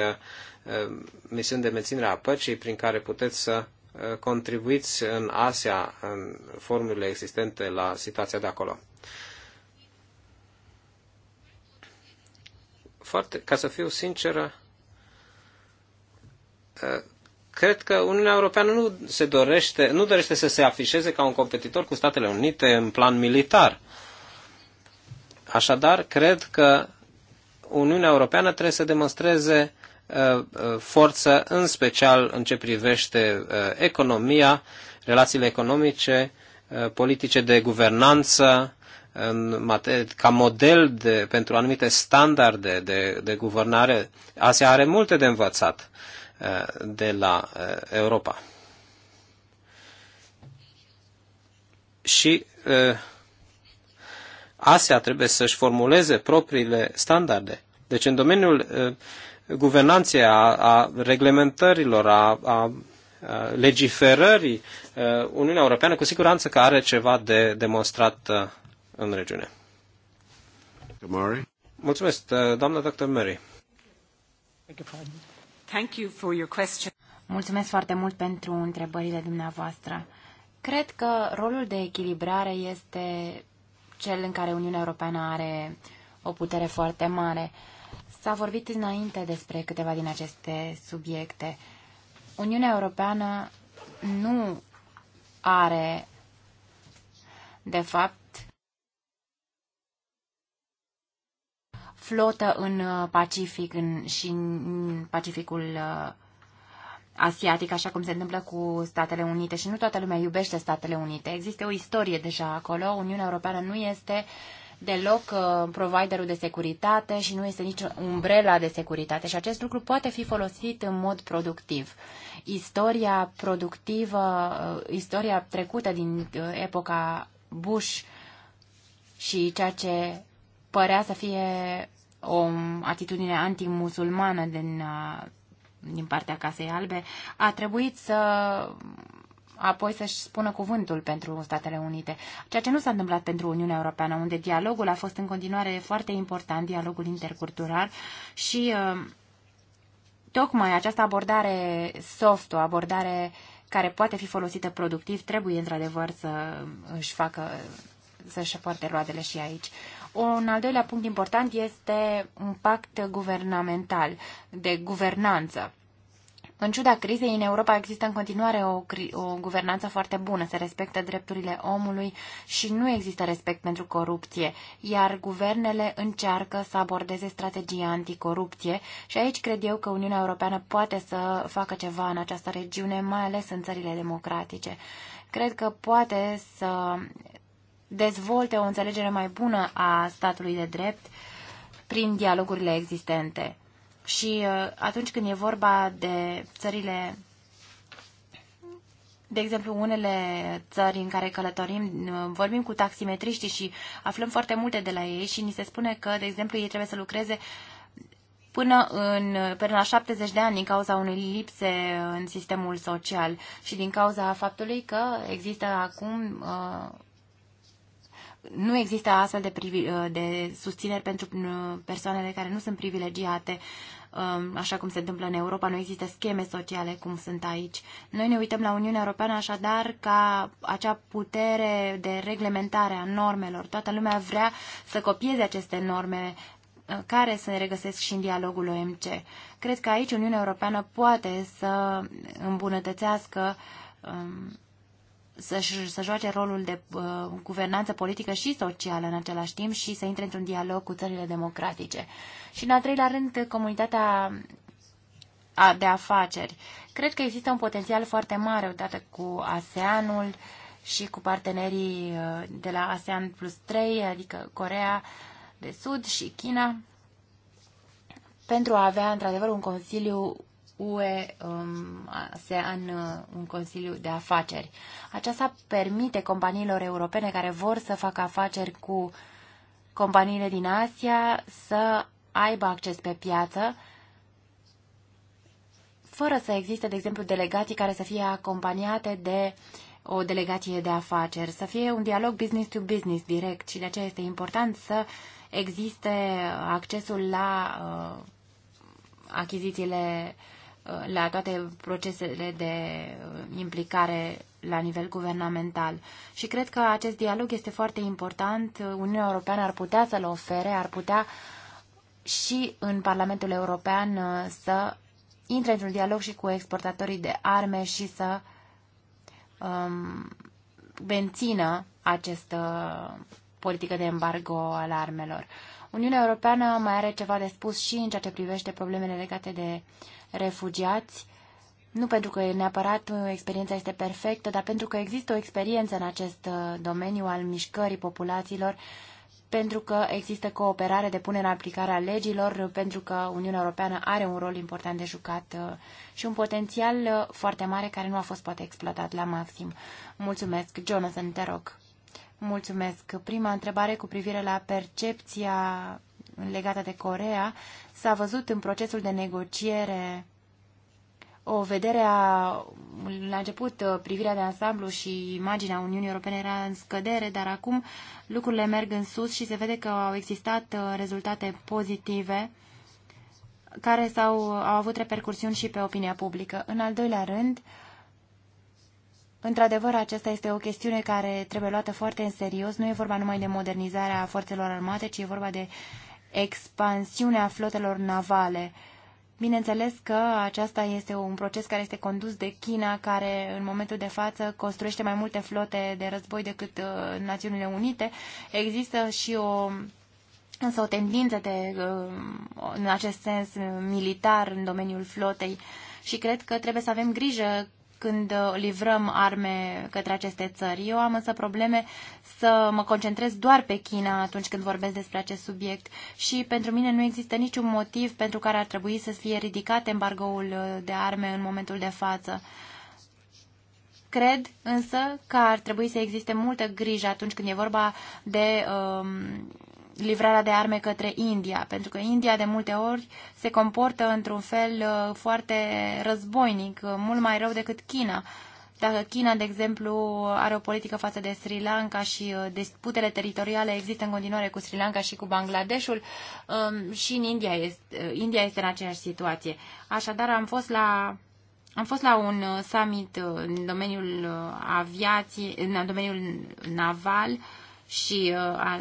Uh, misiuni de menținere a păcii prin care puteți să uh, contribuiți în Asia, în formurile existente la situația de acolo. Foarte, ca să fiu sinceră, uh, cred că Uniunea Europeană nu se dorește, nu dorește să se afișeze ca un competitor cu Statele Unite în plan militar. Așadar, cred că Uniunea Europeană trebuie să demonstreze Uh, uh, forță, în special în ce privește uh, economia, relațiile economice, politice de guvernanță, în ca model de, pentru anumite standarde de, de guvernare. Asia are multe de învățat de la Europa. Și Asia trebuie să-și formuleze propriile standarde. Deci în domeniul guvernanței, a, a reglementărilor, a, a legiferării, Uniunea Europeană cu siguranță că are ceva de demonstrat în regiune. Mulțumesc, doamna dr. Murray. Thank you for your question. Mulțumesc foarte mult pentru întrebările dumneavoastră. Cred că rolul de echilibrare este cel în care Uniunea Europeană are o putere foarte mare. Uh, S-a vorbit înainte despre câteva din aceste subiecte. Uniunea Europeană nu are, de fapt, flotă în uh, Pacific în, și în Pacificul uh, asiatic, așa cum se întâmplă cu Statele Unite și nu toată lumea iubește Statele Unite. Există o istorie deja acolo. Uniunea Europeană nu este uh, deloc uh, providerul de securitate și nu este nici umbrela de securitate și acest lucru poate fi folosit în mod productiv. Istoria productivă, uh, istoria trecută din uh, epoca Bush și ceea ce părea să fie o atitudine antimusulmană din, din partea Casei Albe, a trebuit să apoi să-și spună cuvântul pentru Statele Unite. Ceea ce nu s-a întâmplat pentru Uniunea Europeană, unde dialogul a fost în continuare foarte important, dialogul intercultural și uh, tocmai această abordare soft, o abordare care poate fi folosită productiv, trebuie într-adevăr să își facă să-și poarte roadele și aici. Un al doilea punct important este un pact guvernamental, de guvernanță. În ciuda crizei, în Europa există în continuare o, o guvernanță foarte bună, se respectă drepturile omului și nu există respect pentru corupție, iar guvernele încearcă să abordeze strategia anticorupție și aici cred eu că Uniunea Europeană poate să facă ceva în această regiune, mai ales în țările democratice. Cred că poate să dezvolte o înțelegere mai bună a statului de drept prin dialogurile existente. Și uh, atunci când e vorba de țările, de exemplu, unele țări în care călătorim, uh, vorbim cu taximetriștii și aflăm foarte multe de la ei și ni se spune că, de exemplu, ei trebuie să lucreze până, în, până la 70 de ani din cauza unei lipse în sistemul social și din cauza faptului că există acum uh, nu există astfel de, de susțineri pentru persoanele care nu sunt privilegiate Um, așa cum se întâmplă în Europa, nu există scheme sociale cum sunt aici. Noi ne uităm la Uniunea Europeană așadar ca acea putere de reglementare a normelor. Toată lumea vrea să copieze aceste norme uh, care se regăsesc și în dialogul OMC. Cred că aici Uniunea Europeană poate să îmbunătățească um, să-și, să joace rolul de uh, guvernanță politică și socială în același timp și să intre într-un dialog cu țările democratice. Și în al treilea rând, comunitatea de afaceri. Cred că există un potențial foarte mare odată cu ASEANul și cu partenerii uh, de la ASEAN plus 3, adică Corea de Sud și China, pentru a avea într-adevăr un consiliu UE um, ASEAN un uh, Consiliu de Afaceri. Aceasta permite companiilor europene care vor să facă afaceri cu companiile din Asia să aibă acces pe piață fără să existe, de exemplu, delegații care să fie acompaniate de o delegație de afaceri, să fie un dialog business to business direct și de aceea este important să existe accesul la uh, achizițiile uh, Uh, la toate procesele de uh, implicare la nivel guvernamental. Și cred că acest dialog este foarte important. Uniunea Europeană ar putea să-l ofere, ar putea și în Parlamentul European uh, să intre într-un dialog și cu exportatorii de arme și să um, mențină această politică de embargo al armelor. Uniunea Europeană mai are ceva de spus și în ceea ce privește problemele legate de refugiați, nu pentru că neapărat experiența este perfectă, dar pentru că există o experiență în acest uh, domeniu al mișcării populațiilor, pentru că există cooperare de punere în aplicare a legilor, pentru că Uniunea Europeană are un rol important de jucat uh, și un potențial uh, foarte mare care nu a fost poate exploatat la maxim. Mulțumesc, Jonathan, te rog. Mulțumesc. Prima întrebare cu privire la percepția legată de Corea. S-a văzut în procesul de negociere o vedere a, la început, uh, privirea de ansamblu și imaginea Uniunii Europene era în scădere, dar acum lucrurile merg în sus și se vede că au existat uh, rezultate pozitive care s-au, uh, au avut repercursiuni și pe opinia publică. În al doilea rând, uh, Într-adevăr, aceasta este o chestiune care trebuie luată foarte în serios. Nu e vorba numai de modernizarea forțelor armate, ci e vorba de expansiunea flotelor navale. Bineînțeles că aceasta este un proces care este condus de China, care în momentul de față construiește mai multe flote de război decât uh, Națiunile Unite. Există și o însă o tendință de, uh, în acest sens militar în domeniul flotei și cred că trebuie să avem grijă când uh, livrăm arme către aceste țări. Eu am însă probleme să mă concentrez doar pe China atunci când vorbesc despre acest subiect și pentru mine nu există niciun motiv pentru care ar trebui să fie ridicat embargoul uh, de arme în momentul de față. Cred însă că ar trebui să existe multă grijă atunci când e vorba de um, livrarea de arme către India, pentru că India de multe ori se comportă într-un fel uh, foarte războinic, uh, mult mai rău decât China. Dacă China, de exemplu, are o politică față de Sri Lanka și uh, disputele teritoriale există în continuare cu Sri Lanka și cu Bangladeshul, um, și în India este, India este în aceeași situație. Așadar, am fost la am fost la un summit în domeniul aviației, în domeniul naval și al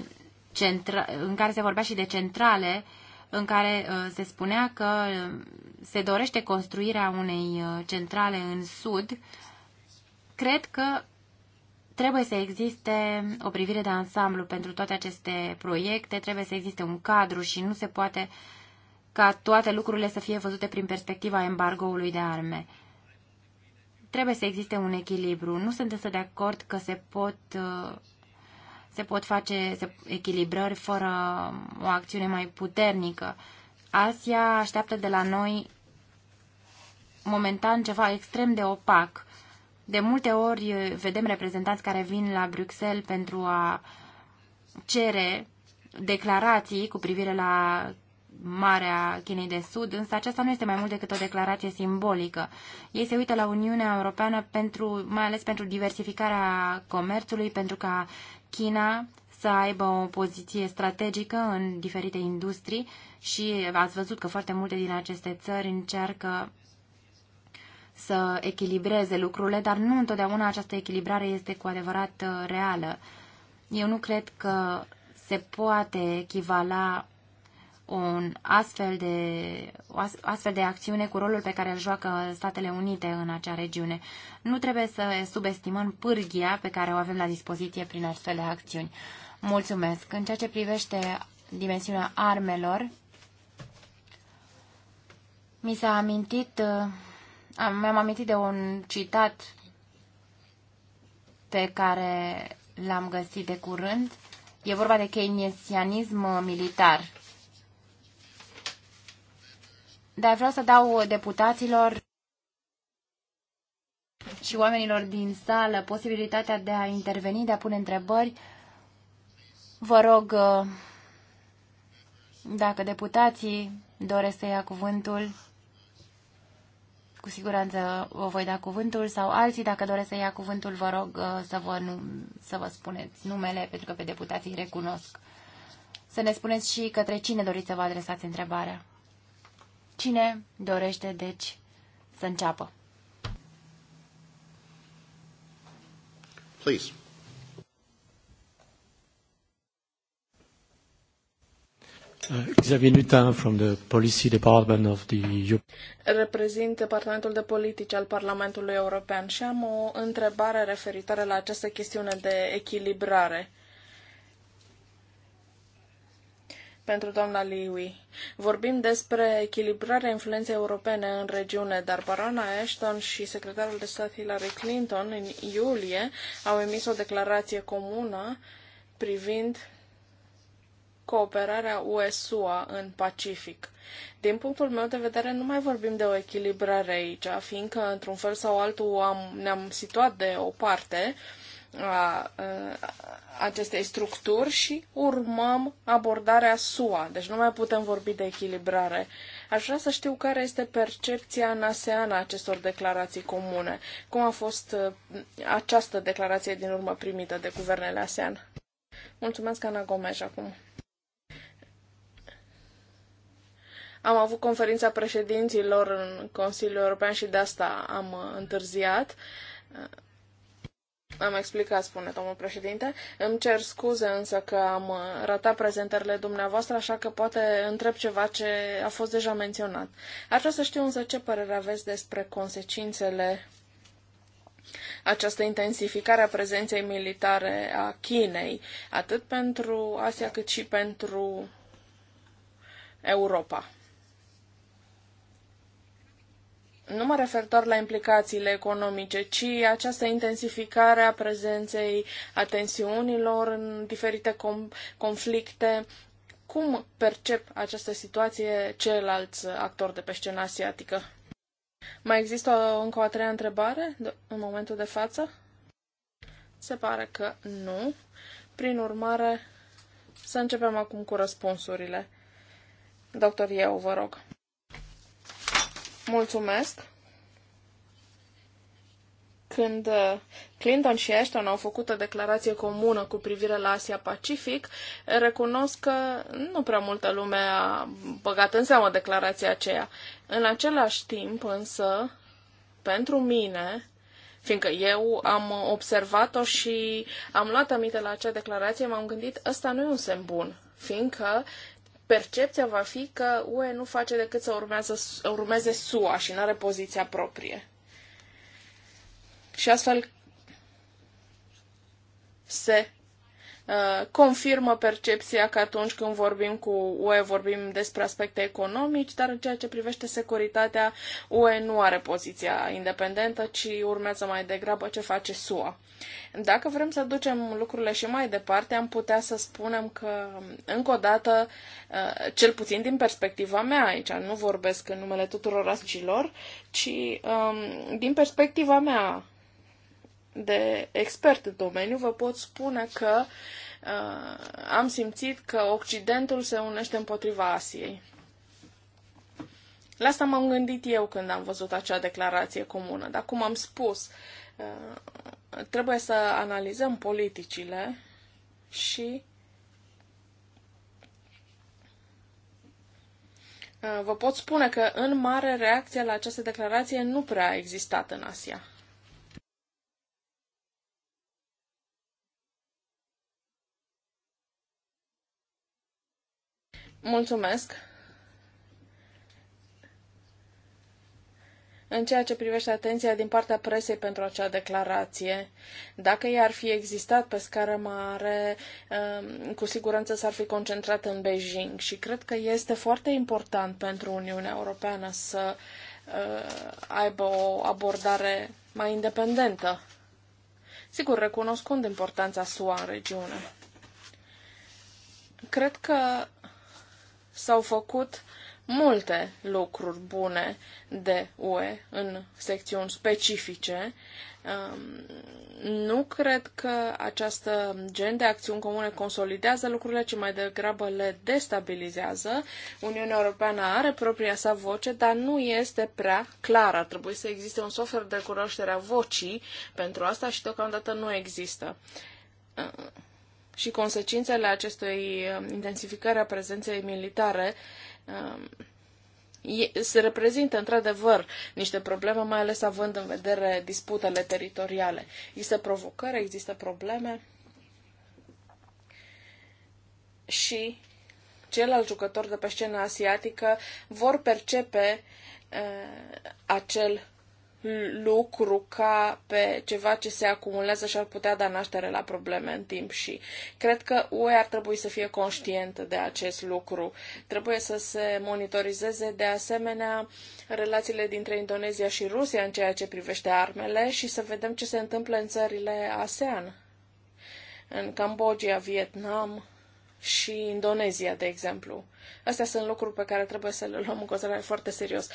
centra, în care se vorbea și de centrale, în care uh, se spunea că uh, se dorește construirea unei uh, centrale în sud, cred că trebuie să existe o privire de ansamblu pentru toate aceste proiecte, trebuie să existe un cadru și nu se poate ca toate lucrurile să fie văzute prin perspectiva embargoului de arme. Trebuie să existe un echilibru. Nu sunt însă de acord că se pot se pot face echilibrări fără o acțiune mai puternică. Asia așteaptă de la noi momentan ceva extrem de opac. De multe ori vedem reprezentanți care vin la Bruxelles pentru a cere declarații cu privire la Marea Chinei de Sud, însă aceasta nu este mai mult decât o declarație simbolică. Ei se uită la Uniunea Europeană pentru, mai ales pentru diversificarea comerțului, pentru ca China să aibă o poziție strategică în diferite industrii și ați văzut că foarte multe din aceste țări încearcă să echilibreze lucrurile, dar nu întotdeauna această echilibrare este cu adevărat uh, reală. Eu nu cred că se poate echivala un astfel de, o astfel de acțiune cu rolul pe care îl joacă Statele Unite în acea regiune. Nu trebuie să subestimăm pârghia pe care o avem la dispoziție prin astfel de acțiuni. Mulțumesc. În ceea ce privește dimensiunea armelor, mi s-a amintit, uh, mi-am amintit de un citat pe care l-am găsit de curând. E vorba de keynesianism militar dar vreau să dau deputaților și oamenilor din sală posibilitatea de a interveni, de a pune întrebări. Vă rog, uh, dacă deputații doresc să ia cuvântul, cu siguranță vă voi da cuvântul, sau alții, dacă doresc să ia cuvântul, vă rog uh, să vă, nu, să vă spuneți numele, pentru că pe deputații recunosc. Să ne spuneți și către cine doriți să vă adresați întrebarea. Cine dorește, deci, să înceapă? Please. Uh, Xavier Nutin from the Policy Department of the Reprezint Departamentul de Politici al Parlamentului European și am o întrebare referitoare la această chestiune de echilibrare. Uh, pentru doamna Liwi. Vorbim despre echilibrarea influenței europene în regiune, dar Barona Ashton și secretarul de stat Hillary Clinton în iulie au emis o declarație comună privind cooperarea USUA în Pacific. Din punctul meu de vedere, nu mai vorbim de o echilibrare aici, fiindcă, într-un fel sau altul, am, ne-am situat de o parte uh, a acestei structuri și urmăm abordarea SUA. Deci nu mai putem vorbi de echilibrare. Aș vrea să știu care este percepția naseană a acestor declarații comune. Cum a fost această declarație din urmă primită de guvernele ASEAN? Mulțumesc, Ana Gomes, acum. Am avut conferința președinților în Consiliul European și de asta am uh, întârziat. Am explicat, spune domnul președinte. Îmi cer scuze însă că am ratat prezentările dumneavoastră, așa că poate întreb ceva ce a fost deja menționat. Aș vrea să știu însă ce părere aveți despre consecințele această intensificare a prezenței militare a Chinei, atât pentru Asia cât și pentru Europa. nu mă refer doar la implicațiile economice, ci această intensificare a prezenței, a tensiunilor în diferite com- conflicte. Cum percep această situație ceilalți actori de pe scena asiatică? Mai există încă o a treia întrebare în momentul de față? Se pare că nu. Prin urmare, să începem acum cu răspunsurile. Doctor Eu, vă rog. Mulțumesc! Când uh, Clinton și Ashton au făcut o declarație comună cu privire la Asia-Pacific, recunosc că nu prea multă lume a băgat în seamă declarația aceea. În același timp, însă, pentru mine, fiindcă eu am observat-o și am luat aminte la acea declarație, m-am gândit, ăsta nu e un semn bun, fiindcă percepția va fi că UE nu face decât să urmează, urmeze SUA și nu are poziția proprie. Și astfel se Uh, confirmă percepția că atunci când vorbim cu UE vorbim despre aspecte economici, dar în ceea ce privește securitatea, UE nu are poziția independentă, ci urmează mai degrabă ce face SUA. Dacă vrem să ducem lucrurile și mai departe, am putea să spunem că, încă o dată, uh, cel puțin din perspectiva mea aici, nu vorbesc în numele tuturor ascilor, ci um, din perspectiva mea de expert în domeniu, vă pot spune că uh, am simțit că Occidentul se unește împotriva Asiei. La asta m-am gândit eu când am văzut acea declarație comună, dar cum am spus, uh, trebuie să analizăm politicile și uh, Vă pot spune că, în mare, reacția la această declarație nu prea a existat în Asia. Mulțumesc! În ceea ce privește atenția din partea presei pentru acea declarație, dacă ea ar fi existat pe scară mare, um, cu siguranță s-ar fi concentrat în Beijing și cred că este foarte important pentru Uniunea Europeană să uh, aibă o abordare mai independentă. Sigur, recunoscând importanța SUA în regiune. Cred că S-au făcut multe lucruri bune de UE în secțiuni specifice. Um, nu cred că această gen de acțiuni comune consolidează lucrurile, ci mai degrabă le destabilizează. Uniunea Europeană are propria sa voce, dar nu este prea clară. Ar trebui să existe un software de cunoaștere a vocii pentru asta și deocamdată nu există uh, și consecințele acestei um, intensificări a prezenței militare um, se reprezintă într-adevăr niște probleme, mai ales având în vedere disputele teritoriale. Există provocări, există probleme și ceilalți jucători de pe scenă asiatică vor percepe uh, acel lucru ca pe ceva ce se acumulează și ar putea da naștere la probleme în timp și cred că UE ar trebui să fie conștientă de acest lucru. Trebuie să se monitorizeze de asemenea relațiile dintre Indonezia și Rusia în ceea ce privește armele și să vedem ce se întâmplă în țările ASEAN, în Cambodgia, Vietnam și Indonezia, de exemplu. Astea sunt lucruri pe care trebuie să le luăm în considerare foarte serios.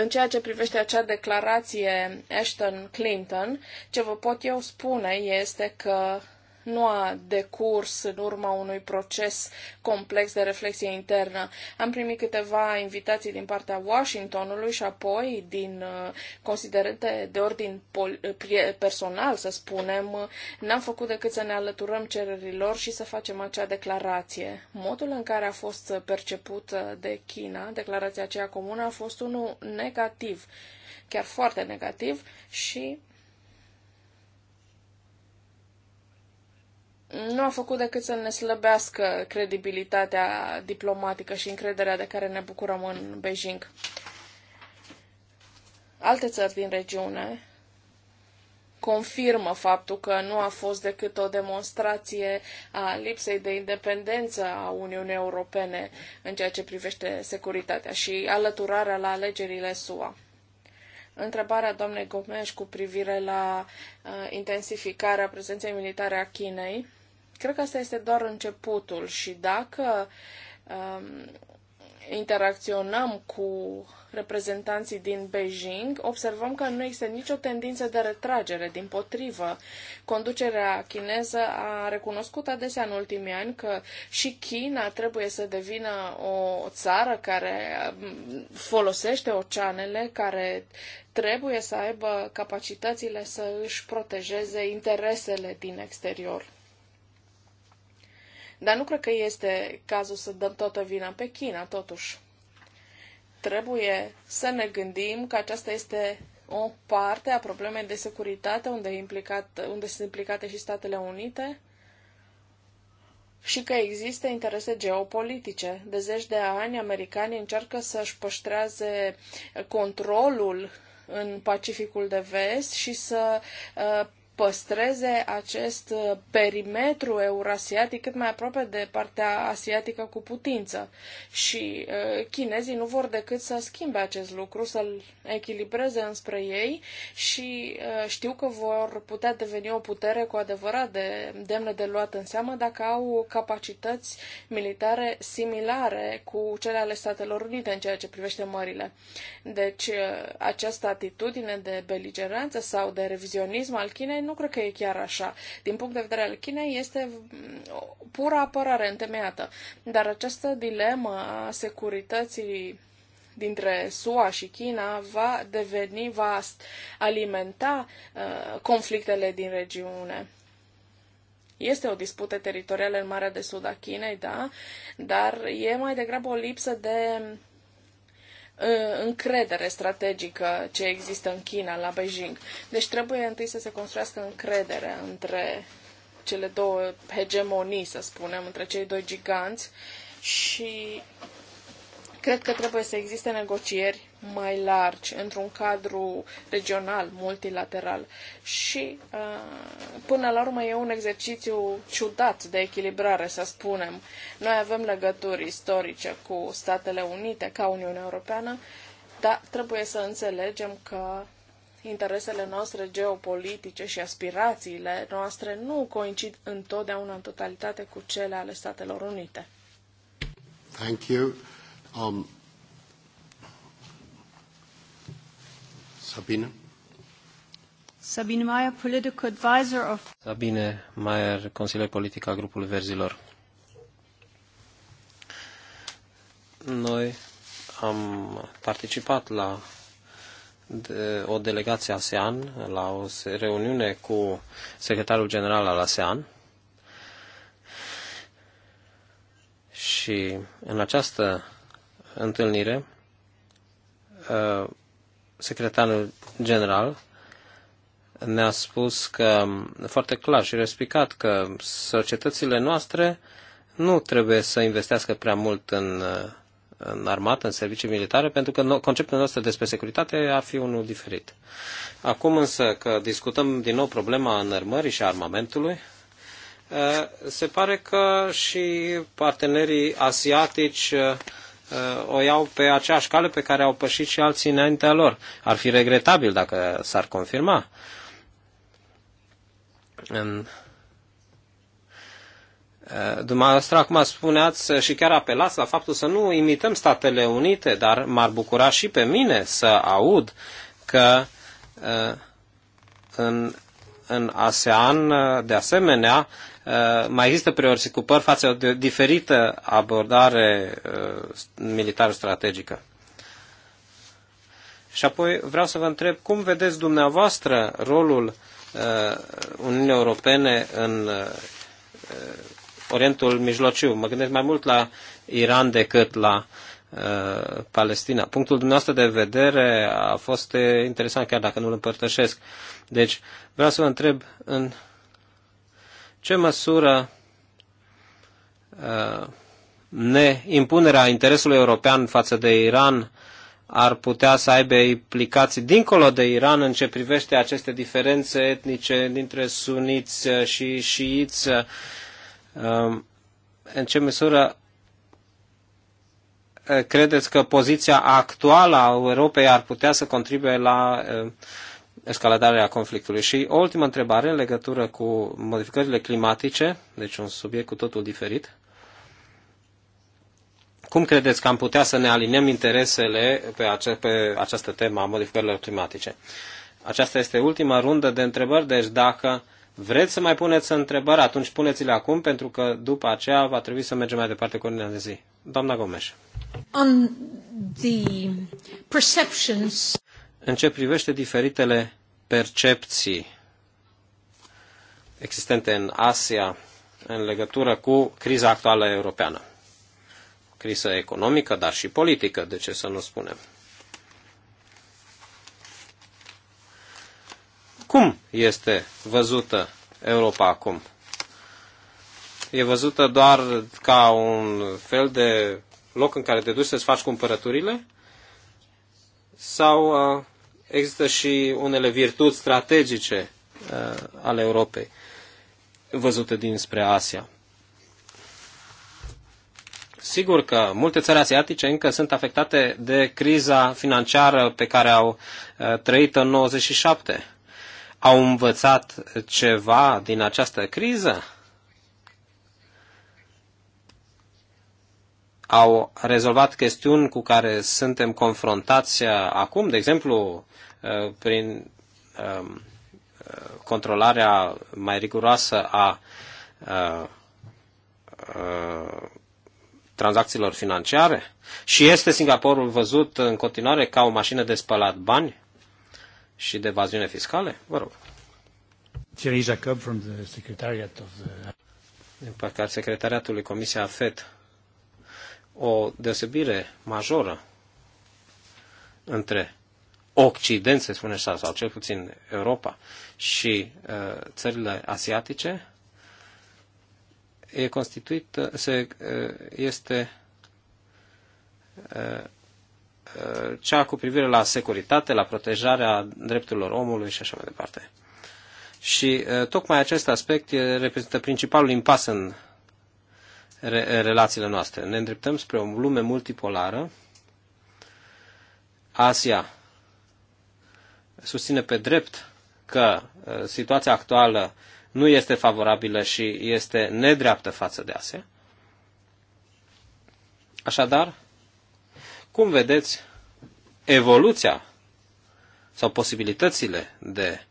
În ceea ce privește acea declarație Ashton-Clinton, ce vă pot eu spune este că nu a decurs în urma unui proces complex de reflexie internă. Am primit câteva invitații din partea Washingtonului și apoi din uh, considerente de ordin uh, personal, să spunem, n-am făcut decât să ne alăturăm cererilor și să facem acea declarație. Modul în care a fost percepută de China, declarația aceea comună, a fost unul negativ, chiar foarte negativ și nu a făcut decât să ne slăbească credibilitatea diplomatică și încrederea de care ne bucurăm în Beijing. Alte țări din regiune confirmă faptul că nu a fost decât o demonstrație a lipsei de independență a Uniunii Europene în ceea ce privește securitatea și alăturarea la alegerile SUA întrebarea doamnei Gomes cu privire la uh, intensificarea prezenței militare a Chinei. Cred că asta este doar începutul și dacă um, interacționăm cu reprezentanții din Beijing, observăm că nu există nicio tendință de retragere. Din potrivă, conducerea chineză a recunoscut adesea în ultimii ani că și China trebuie să devină o țară care um, folosește oceanele, care trebuie să aibă capacitățile să își protejeze interesele din exterior. Dar nu cred că este cazul să dăm toată vina pe China, totuși. Trebuie să ne gândim că aceasta este o parte a problemei de securitate unde, implicat, unde sunt implicate și Statele Unite și că există interese geopolitice. De zeci de ani, americanii încearcă să-și păstreze controlul în Pacificul de Vest și să uh, păstreze acest uh, perimetru eurasiatic cât mai aproape de partea asiatică cu putință. Și uh, chinezii nu vor decât să schimbe acest lucru, să-l echilibreze înspre ei și uh, știu că vor putea deveni o putere cu adevărat de demne de luat în seamă dacă au capacități militare similare cu cele ale Statelor Unite în ceea ce privește mările. Deci această atitudine de beligeranță sau de revizionism al Chinei nu cred că e chiar așa. Din punct de vedere al Chinei, este mm, pură apărare întemeiată. Dar această dilemă a securității dintre SUA și China va deveni, va alimenta uh, conflictele din regiune. Este o dispută teritorială în Marea de Sud a Chinei, da, dar e mai degrabă o lipsă de Uh, încredere strategică ce există în China, la Beijing. Deci trebuie întâi să se construiască încredere între cele două hegemonii, să spunem, între cei doi giganți și cred că trebuie să existe negocieri mai largi, într-un cadru regional, multilateral. Și, uh, până la urmă, e un exercițiu ciudat de echilibrare, să spunem. Noi avem legături istorice cu Statele Unite, ca Uniunea Europeană, dar trebuie să înțelegem că interesele noastre geopolitice și aspirațiile noastre nu coincid întotdeauna în totalitate cu cele ale Statelor Unite. Thank you. Um... Sabine. Sabine Meyer, political advisor of... Sabine Meyer, consilier politic al grupului Verzilor. Noi am participat la de, o delegație ASEAN, la o reuniune cu secretarul general al ASEAN. Și în această întâlnire uh, secretarul general ne-a spus că foarte clar și respicat că societățile noastre nu trebuie să investească prea mult în, în armată, în servicii militare, pentru că conceptul nostru despre securitate ar fi unul diferit. Acum însă că discutăm din nou problema înărmării și armamentului, eh, se pare că și partenerii asiatici eh, Uh, o iau pe aceeași cale pe care au pășit și alții înaintea lor. Ar fi regretabil dacă s-ar confirma. Uh, dumneavoastră acum spuneați și chiar apelați la faptul să nu imităm Statele Unite, dar m-ar bucura și pe mine să aud că uh, în, în ASEAN, de asemenea, Uh, mai există păr față de o diferită abordare uh, militară strategică Și apoi vreau să vă întreb cum vedeți dumneavoastră rolul uh, Uniunii Europene în Orientul Mijlociu. Mă gândesc mai mult la Iran decât la Palestina. Punctul dumneavoastră de vedere a fost interesant, chiar dacă nu îl împărtășesc. Deci, vreau să vă întreb în ce măsură uh, neimpunerea interesului european față de Iran ar putea să aibă implicații dincolo de Iran în ce privește aceste diferențe etnice dintre suniți și șiiți, uh, în ce măsură uh, credeți că poziția actuală a Europei ar putea să contribuie la escaladarea conflictului. Și o ultimă întrebare în legătură cu modificările climatice, deci un subiect cu totul diferit. Cum credeți că am putea să ne aliniem interesele pe, ace- pe această temă a modificărilor climatice? Aceasta este ultima rundă de întrebări, deci dacă vreți să mai puneți întrebări, atunci puneți-le acum, pentru că după aceea va trebui să mergem mai departe cu ordinea de zi. Doamna Gomes. On the perceptions... În ce privește diferitele percepții existente în Asia în legătură cu criza actuală europeană. Criză economică, dar și politică, de ce să nu spunem. Cum este văzută Europa acum? E văzută doar ca un fel de loc în care te duci să-ți faci cumpărăturile? Sau uh, există și unele virtuți strategice uh, ale Europei văzute dinspre Asia. Sigur că multe țări asiatice încă sunt afectate de criza financiară pe care au uh, trăit în 97. Au învățat ceva din această criză? au rezolvat chestiuni cu care suntem confruntați uh, acum, de exemplu, uh, prin um, uh, controlarea mai riguroasă a tranzacțiilor financiare? Și este Singaporul văzut în continuare ca o mașină de spălat bani și de evaziune fiscale? Vă rog. Thierry Jacob from the Secretariat of the... Din partea secretariatului Comisia FED o deosebire majoră între Occident, se spune așa, sau cel puțin Europa și uh, țările asiatice, e constituit, uh, se, uh, este uh, uh, cea cu privire la securitate, la protejarea drepturilor omului și așa mai departe. Și uh, tocmai acest aspect reprezintă principalul impas în re, relațiile noastre. Ne îndreptăm spre o lume multipolară. Asia susține pe drept că uh, situația actuală nu este favorabilă și este nedreaptă față de Asia. Așadar, cum vedeți evoluția sau posibilitățile de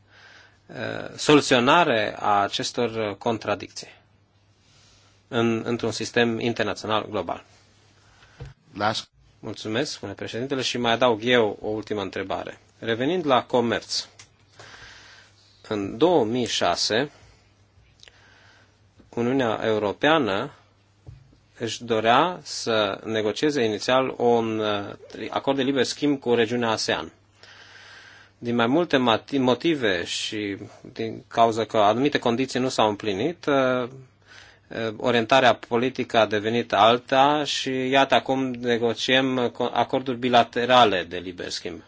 uh, soluționare a acestor contradicții? în, într-un sistem internațional global. Las. Mulțumesc, spune președintele, și mai adaug eu o ultimă întrebare. Revenind la comerț, în 2006, Uniunea Europeană își dorea să negocieze inițial un uh, acord de liber schimb cu regiunea ASEAN. Din mai multe motive și din cauza că anumite condiții nu s-au împlinit, uh, Eh, orientarea politică a devenit alta și iată acum negociem acorduri bilaterale de liber schimb.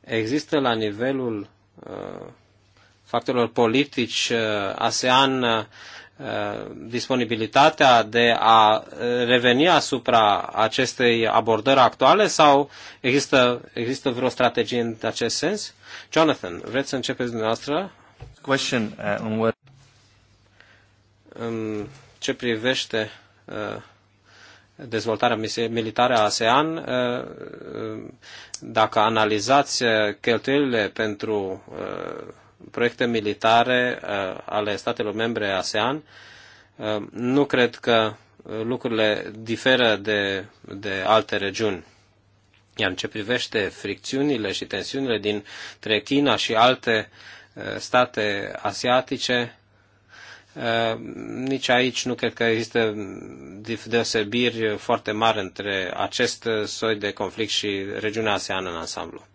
Există la nivelul eh, factorilor politici eh, ASEAN Uh, disponibilitatea de a reveni asupra acestei abordări actuale sau există, există vreo strategie în acest sens? Jonathan, vreți să începeți dumneavoastră? Question, uh, on what... ce privește uh, dezvoltarea militară a ASEAN, uh, uh, dacă analizați cheltuielile pentru proiecte militare uh, ale statelor membre ASEAN. Uh, nu cred că uh, lucrurile diferă de, de alte regiuni. Iar în ce privește fricțiunile și tensiunile dintre China și alte state asiatice, nici aici nu cred că există deosebiri foarte mari între acest soi de conflict și regiunea ASEAN în ansamblu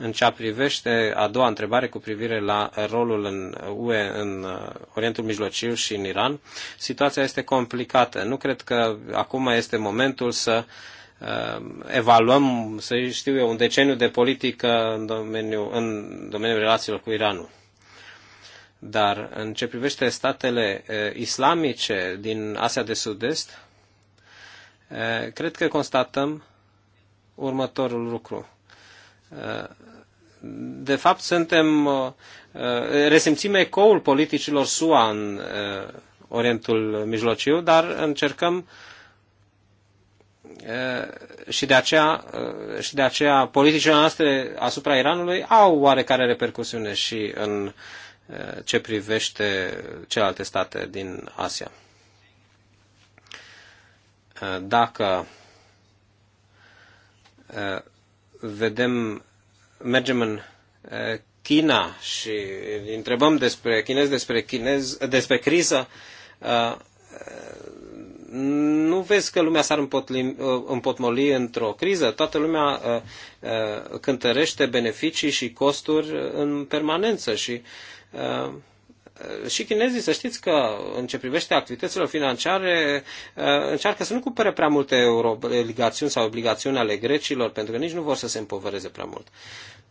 în ceea privește a doua întrebare cu privire la rolul în UE în uh, Orientul Mijlociu și în Iran, situația este complicată. Nu cred că acum este momentul să uh, evaluăm, să știu eu, un deceniu de politică în domeniul, în domeniul relațiilor cu Iranul. Dar în ce privește statele uh, islamice din Asia de Sud-Est, cred că constatăm următorul lucru de fapt suntem, uh, resimțim ecoul politicilor SUA în uh, Orientul Mijlociu, dar încercăm uh, și de, aceea, și de aceea politicile noastre asupra Iranului au oarecare repercusiune și în ce privește celelalte state din Asia. Dacă vedem, mergem în China și întrebăm despre chinez, despre, chinez, despre criză, nu vezi că lumea s-ar împotmoli într-o criză? Toată lumea cântărește beneficii și costuri în permanență și și chinezii, să știți că în ce privește activitățile financiare, uh, încearcă să nu cumpere prea multe euro obligațiuni sau obligațiuni ale grecilor, pentru că nici nu vor să se împovereze prea mult.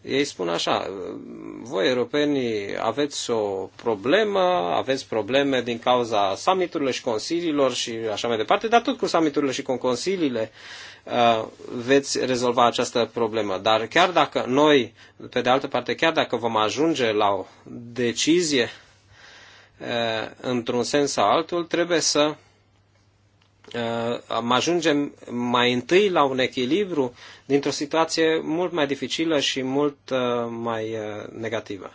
Ei spun așa, uh, voi europenii aveți o problemă, aveți probleme din cauza summiturilor și consiliilor și așa mai departe, dar tot cu summiturile și cu consiliile uh, veți rezolva această problemă. Dar chiar dacă noi, pe de altă parte, chiar dacă vom ajunge la o decizie Uh, într-un sens sau altul, trebuie să uh, ajungem mai întâi la un echilibru dintr-o situație mult mai dificilă și mult uh, mai negativă.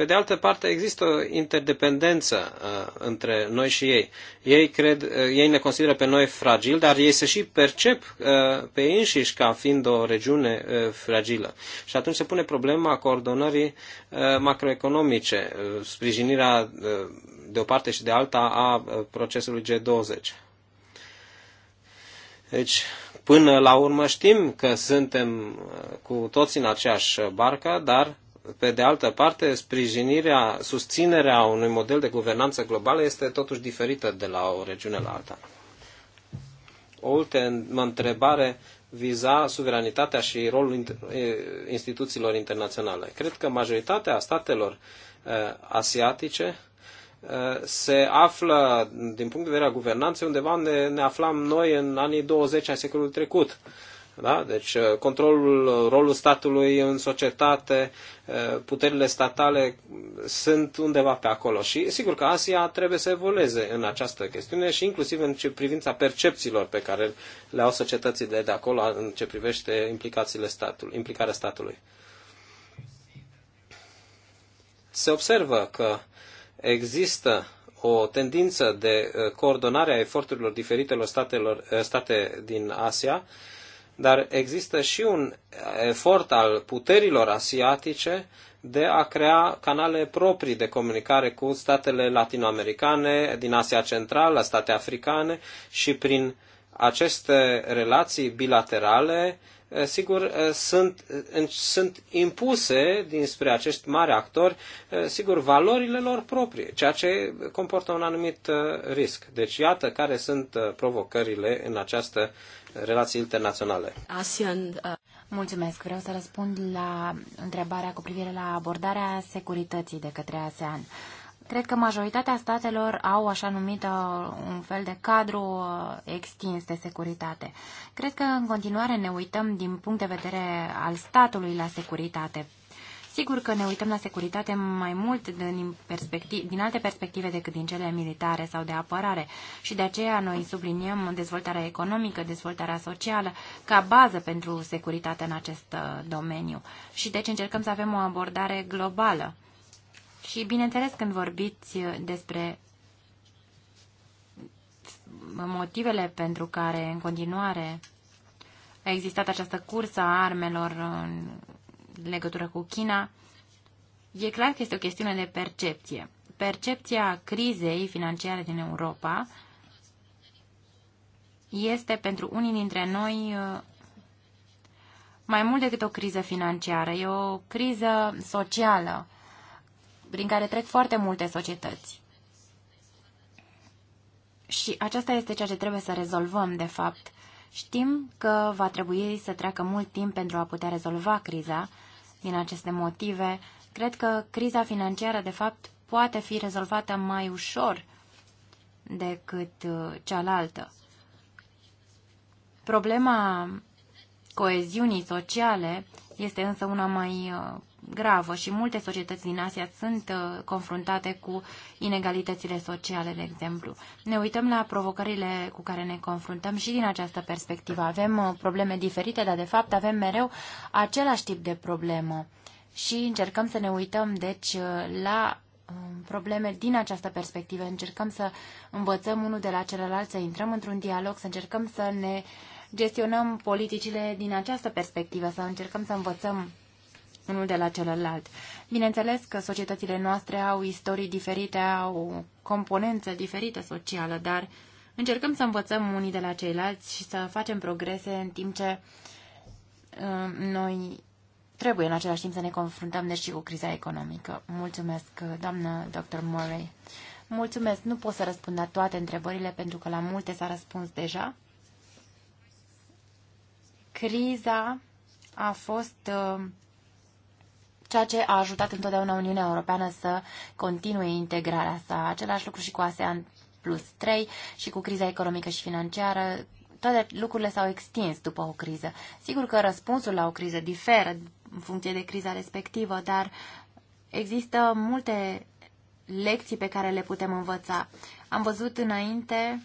Pe de altă parte, există o interdependență uh, între noi și ei. Ei, cred, uh, ei ne consideră pe noi fragili, dar ei se și percep uh, pe ei înșiși ca fiind o regiune uh, fragilă. Și atunci se pune problema coordonării uh, macroeconomice, uh, sprijinirea uh, de o parte și de alta a uh, procesului G20. Deci, până la urmă știm că suntem uh, cu toții în aceeași barcă, dar pe de altă parte, sprijinirea, susținerea unui model de guvernanță globală este totuși diferită de la o regiune la alta. O ultimă întrebare viza suveranitatea și rolul instituțiilor internaționale. Cred că majoritatea statelor asiatice se află, din punct de vedere al guvernanței, undeva unde ne aflam noi în anii 20 ai secolului trecut. Uh, da? Deci uh, controlul, uh, rolul statului în societate, uh, puterile statale sunt undeva pe acolo și sigur că Asia trebuie să evolueze în această chestiune și inclusiv în ce privința percepțiilor pe care le au de, de acolo în ce privește implicațiile statului, implicarea statului. Se observă că există o tendință de coordonare a eforturilor diferitelor statelor, state din Asia, dar există și un efort al puterilor asiatice de a crea canale proprii de comunicare cu statele latinoamericane, din Asia Centrală, state africane și prin aceste relații bilaterale, eh, sigur, eh, sunt, eh, sunt impuse dinspre acești mari actori, sigur, valorile lor proprie, ceea ce comportă un anumit risc. Deci, iată care sunt provocările în această relații internaționale. ASEAN. Uh, Mulțumesc. Vreau să răspund la întrebarea cu privire la abordarea securității de către ASEAN. Cred că majoritatea statelor au așa numită un fel de cadru uh, extins de securitate. Cred că în continuare ne uităm din punct de vedere al statului la securitate, Sigur că ne uităm la securitate mai mult din, din alte perspective decât din cele militare sau de apărare și de aceea noi subliniem dezvoltarea economică, dezvoltarea socială ca bază pentru securitate în acest uh, domeniu și deci încercăm să avem o abordare globală. Și bineînțeles când vorbiți uh, despre motivele pentru care în continuare a existat această cursă a armelor în în legătură cu China, e clar că este o chestiune de percepție. Percepția crizei financiare din Europa este pentru unii dintre noi uh, mai mult decât o criză financiară, e o criză socială prin care trec foarte multe societăți. Și aceasta este ceea ce trebuie să rezolvăm, de fapt. Știm că va trebui să treacă mult timp pentru a putea rezolva criza, din aceste motive, cred că criza financiară, de fapt, poate fi rezolvată mai ușor decât uh, cealaltă. Problema coeziunii sociale este însă una mai uh, gravă și multe societăți din Asia sunt uh, confruntate cu inegalitățile sociale, de exemplu. Ne uităm la provocările cu care ne confruntăm și din această perspectivă. Avem uh, probleme diferite, dar de fapt avem mereu același tip de problemă și încercăm să ne uităm, deci, la probleme din această perspectivă. Încercăm să învățăm unul de la celălalt, să intrăm într-un dialog, să încercăm să ne uh, gestionăm politicile din această perspectivă, să încercăm să învățăm unul de la celălalt. Bineînțeles că societățile noastre au istorii diferite, au o componență diferită socială, dar încercăm să învățăm unii de la ceilalți și să facem progrese în timp ce uh, noi trebuie în același timp să ne confruntăm deși și cu criza economică. Mulțumesc, doamnă dr. Murray. Mulțumesc, nu pot să răspund la toate întrebările pentru că la multe s-a răspuns deja. Criza a fost uh, ceea ce a ajutat întotdeauna Uniunea Europeană să continue integrarea sa. Același lucru și cu ASEAN plus 3 și cu criza economică și financiară. Toate lucrurile s-au extins după o criză. Sigur că răspunsul la o criză diferă în funcție de criza respectivă, dar există multe lecții pe care le putem învăța. Am văzut înainte,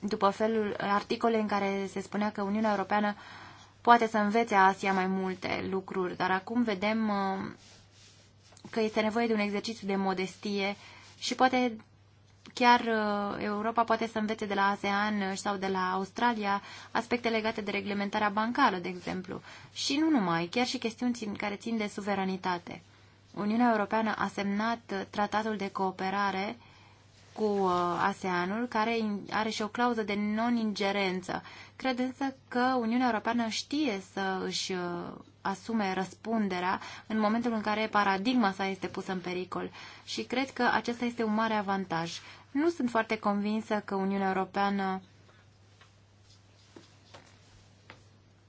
după felul, articole în care se spunea că Uniunea Europeană uh, poate să învețe Asia mai multe lucruri, dar acum vedem uh, că este nevoie de un exercițiu de modestie și poate chiar uh, Europa poate să învețe de la ASEAN uh, sau de la Australia aspecte legate de reglementarea bancară, de exemplu. Și nu numai, chiar și chestiuni care țin de suveranitate. Uniunea Europeană a semnat tratatul de cooperare cu uh, ASEANul, care are și o clauză de non-ingerență. Cred însă că Uniunea Europeană știe să își uh, asume răspunderea în momentul în care paradigma sa este pusă în pericol. Și cred că acesta este un mare avantaj. Nu sunt foarte convinsă că Uniunea Europeană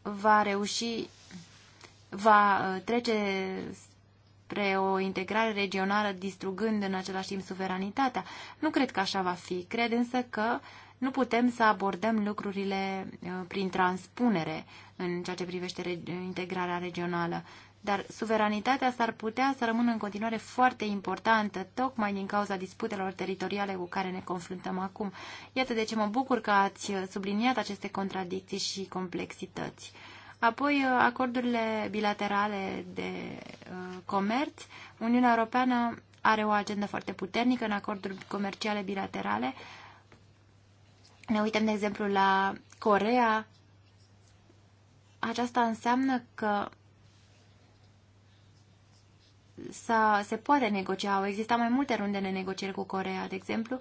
va reuși va uh, trece spre o integrare regională, distrugând în același timp suveranitatea. Nu cred că așa va fi. Cred însă că nu putem să abordăm lucrurile uh, prin transpunere în ceea ce privește integrarea regională. Dar suveranitatea s-ar putea să rămână în continuare foarte importantă, tocmai din cauza disputelor teritoriale cu care ne confruntăm acum. Iată de ce mă bucur că ați subliniat aceste contradicții și complexități. Apoi, uh, acordurile bilaterale de uh, comerț. Uniunea Europeană are o agendă foarte puternică în acorduri comerciale bilaterale. Ne uităm, de exemplu, la Corea. Aceasta înseamnă că să se poate negocia. Au existat mai multe runde de negocieri cu Corea, de exemplu,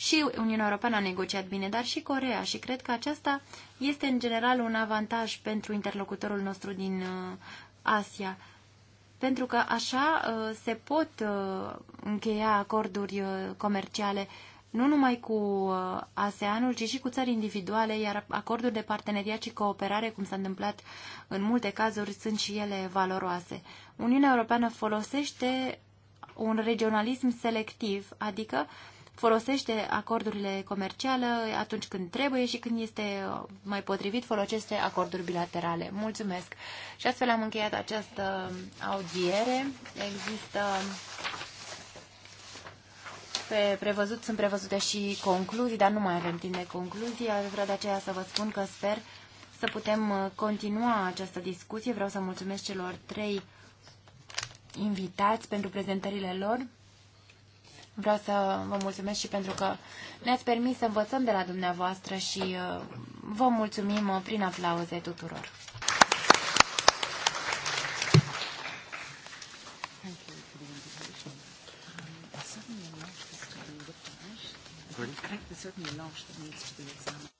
și Uniunea Europeană a negociat bine, dar și Corea și cred că aceasta este în general un avantaj pentru interlocutorul nostru din uh, Asia. Pentru că așa uh, se pot uh, încheia acorduri comerciale nu numai cu ASEANul, ci și cu țări individuale, iar acorduri de parteneriat și cooperare, cum s-a întâmplat în multe cazuri, sunt și ele valoroase. Uniunea Europeană folosește un regionalism selectiv, adică uh, folosește acordurile comerciale atunci când trebuie și când este mai potrivit, folosește acorduri bilaterale. Mulțumesc! Și astfel am încheiat această audiere. Există pe prevăzut, sunt prevăzute și concluzii, dar nu mai avem timp de concluzii. Vreau de aceea să vă spun că sper să putem continua această discuție. Vreau să mulțumesc celor trei invitați pentru prezentările lor. Vreau să vă mulțumesc și pentru că ne-ați permis să învățăm de la dumneavoastră și uh, vă mulțumim uh, prin aplauze tuturor. Correct. Correct. Certainly